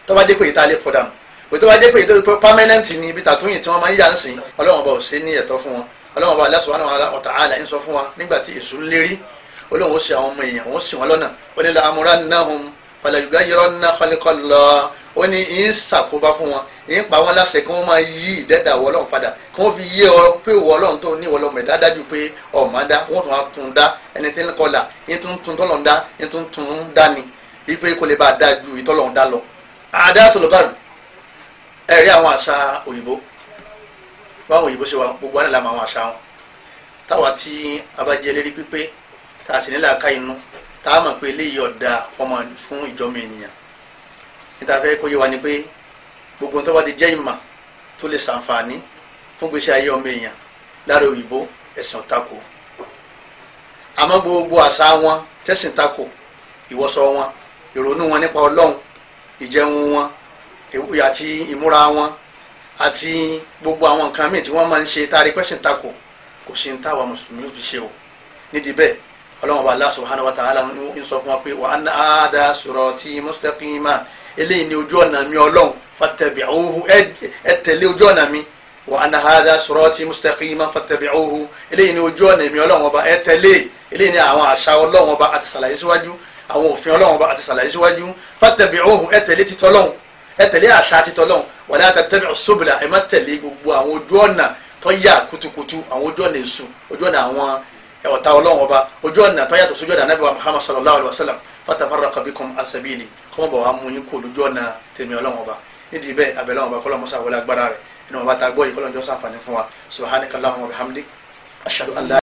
tó bá jẹ́ pé ìta lè fọ́ dànù pé tó bá jẹ́ pé ìta pámẹ́nẹ́ǹtì ni ibi tàtúnyìn tí wọ́n máa ń yà ń sìn ọlọ́wọ́n bá ò sí ní ẹ̀tọ́ fún olóhùn ó ṣe àwọn ọmọ èèyàn òun sì wọn lọ́nà ó ní la'amurannahum falayughayiranna khalqallah ó ní ìyín ṣàkóbá fún wọn ìyín pa wọn láṣẹ kí wọn máa yí ìdẹ́dà wọ ọlọ́run padà kí wọn fi yé ọ pé wọ ọlọ́run tó ní ìwọlọ́mọ ẹ̀dá dájú pé ọ̀ma dá wọn tún á tún dá ẹni tí ń kọlà ìyín tún tún tọ́lọ̀ ń dá ìyín tún tún dá ni wípé kò lè bá a dá ju ìtọ́lọ̀ ń dá lọ. àdá tòlóbàrù ẹ rí àwọn àṣà òyìnbó báwọn òyìnbó ṣe wà gbogbo àná tá a sì ní làákà inú tá a mọ̀ pé eléyìí ọ̀dà ọmọ fún ìjọmọ ènìyàn níta fẹ́ kó yé wa ni pé gbogbo tó bá ti jẹ́ ìmọ̀ tó lè ṣàǹfààní fún gbèsè ayé ọmọ èèyàn lára òyìnbó ẹ̀sìn tako àmọ́ gbogbo àṣà wọn tẹ̀sìn tako ìwọṣọ wọn ìrònú wọn nípa ọlọ́run ìjẹun wọn àti ìmúra wọn àti gbogbo àwọn nǹkan míì tí wọ́n máa ń ṣe tá a rí pẹ́sìn tako kò sí ní táwa mùsùlùmí ò fi ṣe o nídìí bẹ́ẹ̀ ọlọ́run ọba Allah subhanahu wa ta'ala ń sọ fún wa pé wa anna hadha sirati mustaqima eléyìí ni ojú ọ̀nà mi ọlọ́run fattabi'uhu ẹ tẹ̀lé ojú ọ̀nà mi wa anna hadha sirati mustaqima fattabi'uhu eléyìí ni ojú ọ̀nà mi ọlọ́run ọba ẹ tẹ̀lé eléyìí ni àwọn àṣà ọlọ́run ọba àti sàlàyé síwájú àwọn òfin ọlọ́run ọba àti sàlàyé síwájú fattabi'uhu ẹ tẹ̀lé titọ́ lọ́hùn ẹ tẹ̀lé àṣà ọ̀tá ọlọ́run ọba ojú ọ̀nà tó yàtọ̀ sójú ọ̀nà ànábì wa muhammad sallallahu alayhi wa sallam fatafarraqa bikum asabili kọ́mọ́ bọ̀ wá mú yín kó lójú ọ̀nà tèmi ọlọ́run ọba nídìí bẹ́ẹ̀ abẹ́lẹ́ ọba kọ́lọ́ musa wọlé agbára rẹ̀ inú ọba tá a yìí kọ́lọ́ ń jọ́ sáfàní fún wa subhanakallahumma wa bihamdik ashhadu an la